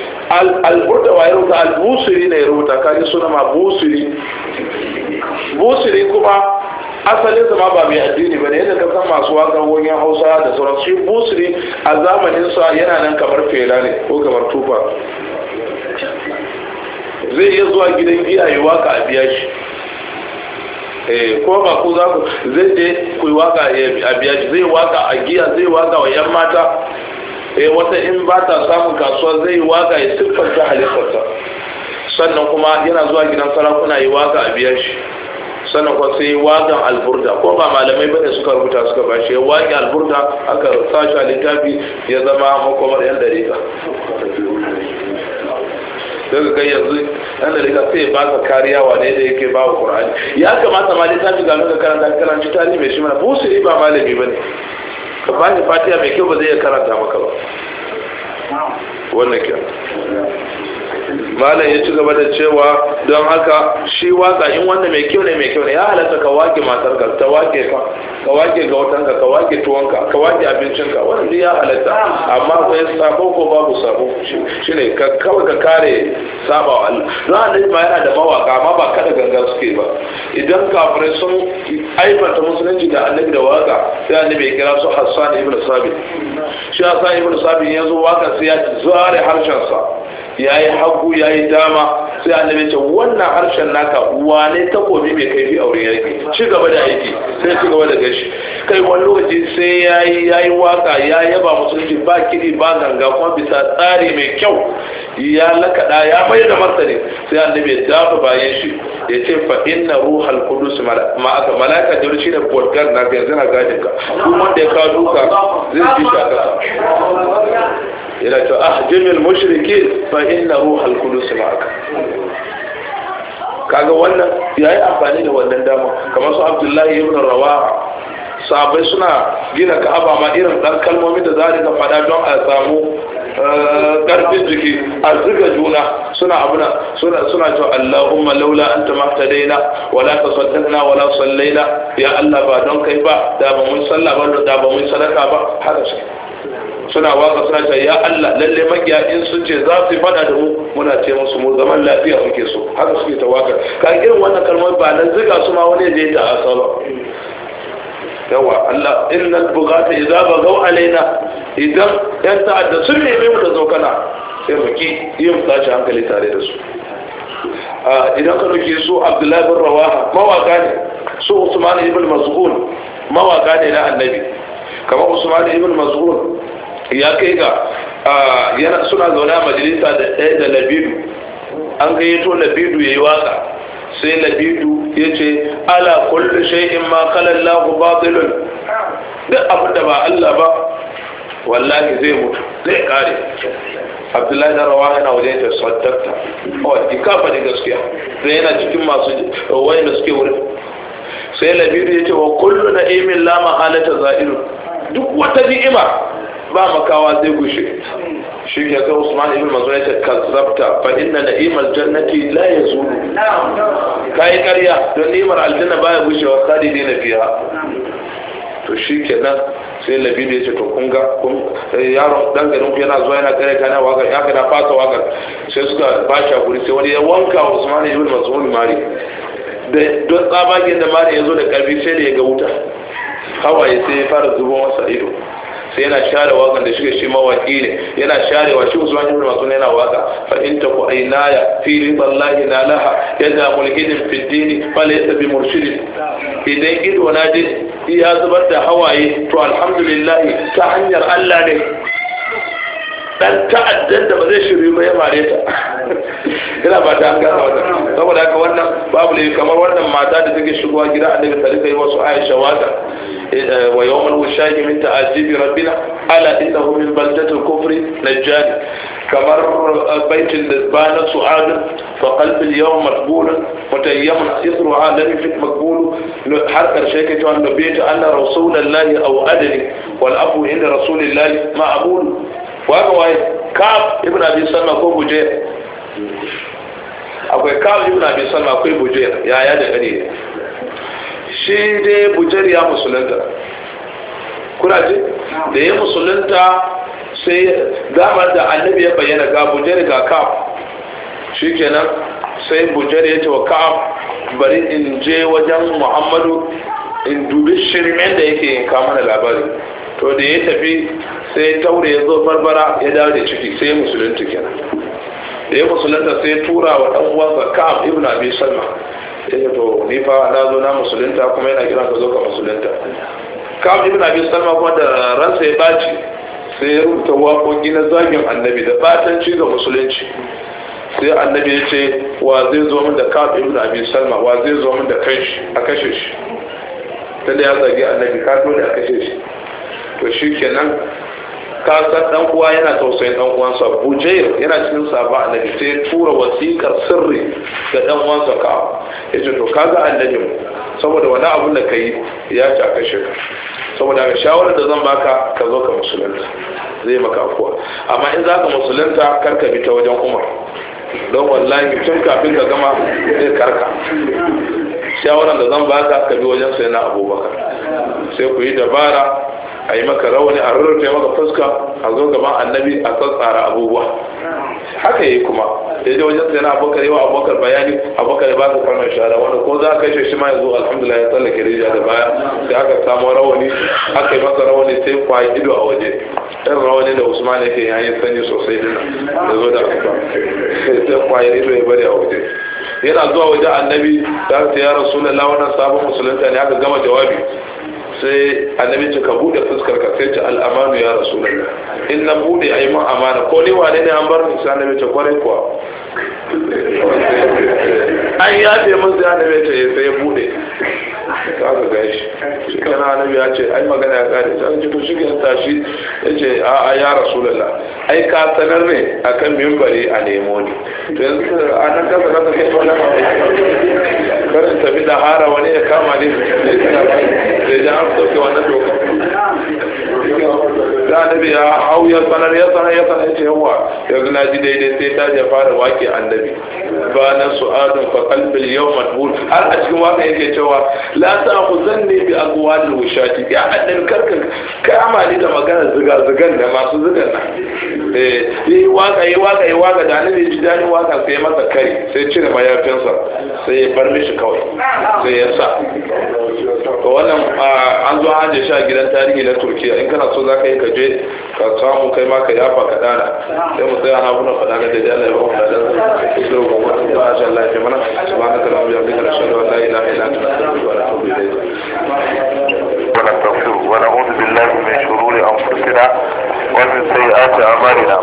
alburda wa yau rubuta albusiri ne ya rubuta kaji suna ma busiri busiri kuma asalin sa ma ba mai addini bane yadda ka san masu waka gonyen hausa da sauran shi busiri a zamanin sa yana nan kamar fela ne ko kamar tufa zai iya zuwa gidan giya ka waka a biya shi Eh, ko ba ku za ku zai je ku yi waka eh, a biya shi zai waka a giya zai waka wa yan mata eh wata in ba ta samun kasuwa zai waka ya siffanta halittarsa sannan kuma yana zuwa gidan sarakuna yi waka a biya shi sannan kuma sai wagan alburda ko ba malamai bane suka rubuta suka ba shi wagan alburda aka sashi a littafi ya zama makomar yan dariƙa daga ga yanzu yana da sai ba ka kariya wa ne da yake ba wa qur'ani ya kamata ma littafi ga ka karanta karanta ta mai shi mana busiri ba malami bane ka ba ni fatiya mai kyau ba zai iya karanta maka ba wannan kyau malam ya ci gaba da cewa don haka shi waka in wanda mai kyau ne mai kyau ne ya halatta ka wake matar ka ta wake ka ka wake gautan ka ka wake tuwon ka ka wake abincin ka wannan ya halatta amma ko ya sabo ko babu sabo ne ka kawai ka kare saba wa Allah don annabi ma yana da mawaka amma ba kada ganga suke ba idan kafirai sun aibata musulunci da annabi da waka sai annabi ya kira su Hassan ibn Sabit shi Hassan ibn Sabit ya zo waka sai ya zare harshen sa ya yi hagu ya yi dama sai annabi ce wannan harshen naka wane takobi mai kaifi a wurin yaki ci gaba da aiki sai ci gaba da gashi kai wani lokaci sai ya yi ya yi waka ya yaba musulunci ba kiri ba ganga kuma bisa tsari mai kyau ya lakaɗa ya bayar da martani sai annabi ya dafa bayan shi ya ce fa inna ruhal qudus ma aka malaka da shi da bodgar na ga yanzu na gadin ka kuma da kawo duka zai ji shaka yana ta ahjimil mushrikin fa fa inna ruhal qudus ma'aka kaga wannan yayi amfani da wannan dama kamar su Abdullahi ibn rawa, sahabbai suna gina ka'aba ma irin dan kalmomin da za ka fada don a samu karfin eh, jiki a ziga juna suna abuna suna suna cewa Allahumma laula anta mahtadaina wala tasaddaqna wala sallaina ya Allah ba don kai ba da ba mun sallah ba da ba mun sadaka ba haka shi suna waka suna ce ya Allah lalle magiya in sun ce za su fada da mu muna ce musu mu zaman lafiya muke so haka suke ta waka ka irin wannan kalmar ba nan ziga su ma wani da ya ta ba yawa Allah innal bugata idza bagaw alaina idan yan ta'adda sun neme mu da zokana sai mu ki yin tashi hankali tare da su idan ka dauke su Abdullahi bin Rawaha mawaka ne su Usman ibn Mas'ud mawaka ne na Annabi kamar usman ibn mas'ud ya kai ga yana suna zaune a majalisa da ɗaya da labidu an gayyato labidu ya yi waka sai labidu ya ce ala kullu shay'in ma qala Allahu batilun duk abin da ba Allah ba wallahi zai mutu zai kare abdullahi da rawa yana wajen ta saddakta o ki kafa ne gaskiya sai yana cikin masu wayanda suke wurin sai labidu ya ce wa kullu na'imin la mahalata za'irun duk wata ni'ima ba makawa zai gushe shi ke ga usman ibn mazun yace kazzabta fa inna na'imal jannati la yazul kai ƙarya don ni'imar aljanna ba wa sadi sadidi na biya to shi ke nan sai labi ya ce to kunga eh, yaron dan garin ku yana zuwa yana kare kana waka, ya kana fasa waka sai suka ba shi hakuri sai wani ya wanka usman ibn mazun mari don tsabagen da mari ya zo da karfi sai da ya ga wuta hawaye sai ya fara zubo masa ido sai yana share waka da shiga shi mawaki ne yana share wa shi usman ibn mas'ud yana waka fa in taku aynaya fi ridallahi na laha yadda mulhidin fi din fa laysa bi murshidin idan ido na je ya zubar da hawaye to alhamdulillah ta hanyar Allah ne dan ta'addan da ba zai shiri ba ya mare ta ina ba ta gana wannan saboda haka wannan babu ne kamar wannan mata da take shigowa gida annabi sallallahu alaihi wasu Aisha wata wa yawmal washaki min ta'ajibi rabbina ala innahu min baldatil kufri najjani kamar baitin da bana su'ad fa qalbi al-yawm maqbul mutayyam isru lam yafik maqbul har karshe kai to annabi ta anna rasulullahi aw adli wal afu inda rasulullahi ma'bul waga waye kaf ibn abi salma ko buje akwai kaf ibn abi salma akwai buje yaya da gane shi dai buje ya musulunta kuna ji da ya musulunta sai damar da annabi ya bayyana ga buje ga kaf kenan sai buje ya ce wa kaf bari in je wajen muhammadu in dubi shirmen da yake yin da labari to da ya tafi sai taure ya zo barbara ya dawo da ciki sai ya musulunta kenan da ya musulunta sai ya tura wa dan uwansa ka'ab ibn abi salma ya ce to ni fa na zo na musulunta kuma yana kira ka zo ka musulunta ka'ab ibn abi salma kuma da ransa ya baci sai ya rubuta waƙoƙi na zagin annabi da batanci ga musulunci sai annabi ya ce wa zai zo min da ka'ab ibn abi salma wa zai zo min da kanshi a kashe shi tunda ya zagi annabi ka dole a kashe shi to shi kenan ka san dan uwa yana tausayin dan uwansa bujair yana cikin sahaba annabi sai tura wasikar sirri ga dan uwansa ka yace to kaga annabi saboda wani abu da kai ya ci a kashe ka saboda ga shawarar da zan baka ka zo ka musulunta zai maka afuwa amma in za ka musulunta kar ka bi ta wajen umar don wallahi tun kafin ka gama zai karka shawarar da zan baka ka bi wajen sai na abubakar sai ku yi dabara a yi maka rawani a rurrufe maka fuska a zo gaba annabi a tsara abubuwa haka yi kuma sai dai wajen tsayana abokan yawa abokan bayani abokan ba su kwanar shara wani ko za ka yi shi ma yanzu alhamdulillah ya tsallake rija da baya sai aka samu rawani aka yi masa rawani sai kwaye ido a waje ɗan rawani da usman yake yayi sanyi sosai dina da zo da asuba sai kwaye ido ya bari a waje yana zuwa wajen annabi da ta yi rasu da lawanan sabon musulunta ne aka gama jawabi sai annabi ka bude fuskar ka sai ta al'amanu ya rasulullah in na bude ayi mun amana ko ni wane ne an bar ni sai annabi ta kware kuwa an ya ce mun sai annabi ta eh, sai bude ka ga gashi shi kana annabi ya ce ai magana ya kare sai ji to shi ga tashi yace a a ya rasulullah ai ka sanar ne akan minbari a nemo ni to yanzu an ka sanar ka kai wannan Karanta tafi da hara wani ya kama ne da ji an soke wannan doka sai annabi ya hau ya sanar ya sanar ya sanar ce yawa yanzu na ji daidai sai ta ya fara waƙe annabi ba na su'adun fa qalbil yawma tul har a cikin waka yake cewa la ta'khuzanni bi da wushati ya annabi karka kama ni da magana ziga zigan da masu zigan nan eh yi waka yi waka yi waka da annabi ji dani waka sai masa kai sai cire mayafinsa sai ya bar mishi kawai sai ya sa wannan ah, an zo an shi sha gidan tarihi na Turkiya in kana so zaka yi ka je gobe ka samu kai ma ka yafa ka dana sai mu tsaya na kuna na da Allah ya ba da dan so ga wani ba sha Allah ya mana subhanaka allahumma wa bihamdika ashhadu an la ilaha illa anta astaghfiruka wa atubu ilayk ونستغفره ونعوذ بالله من شرور انفسنا ومن سيئات اعمالنا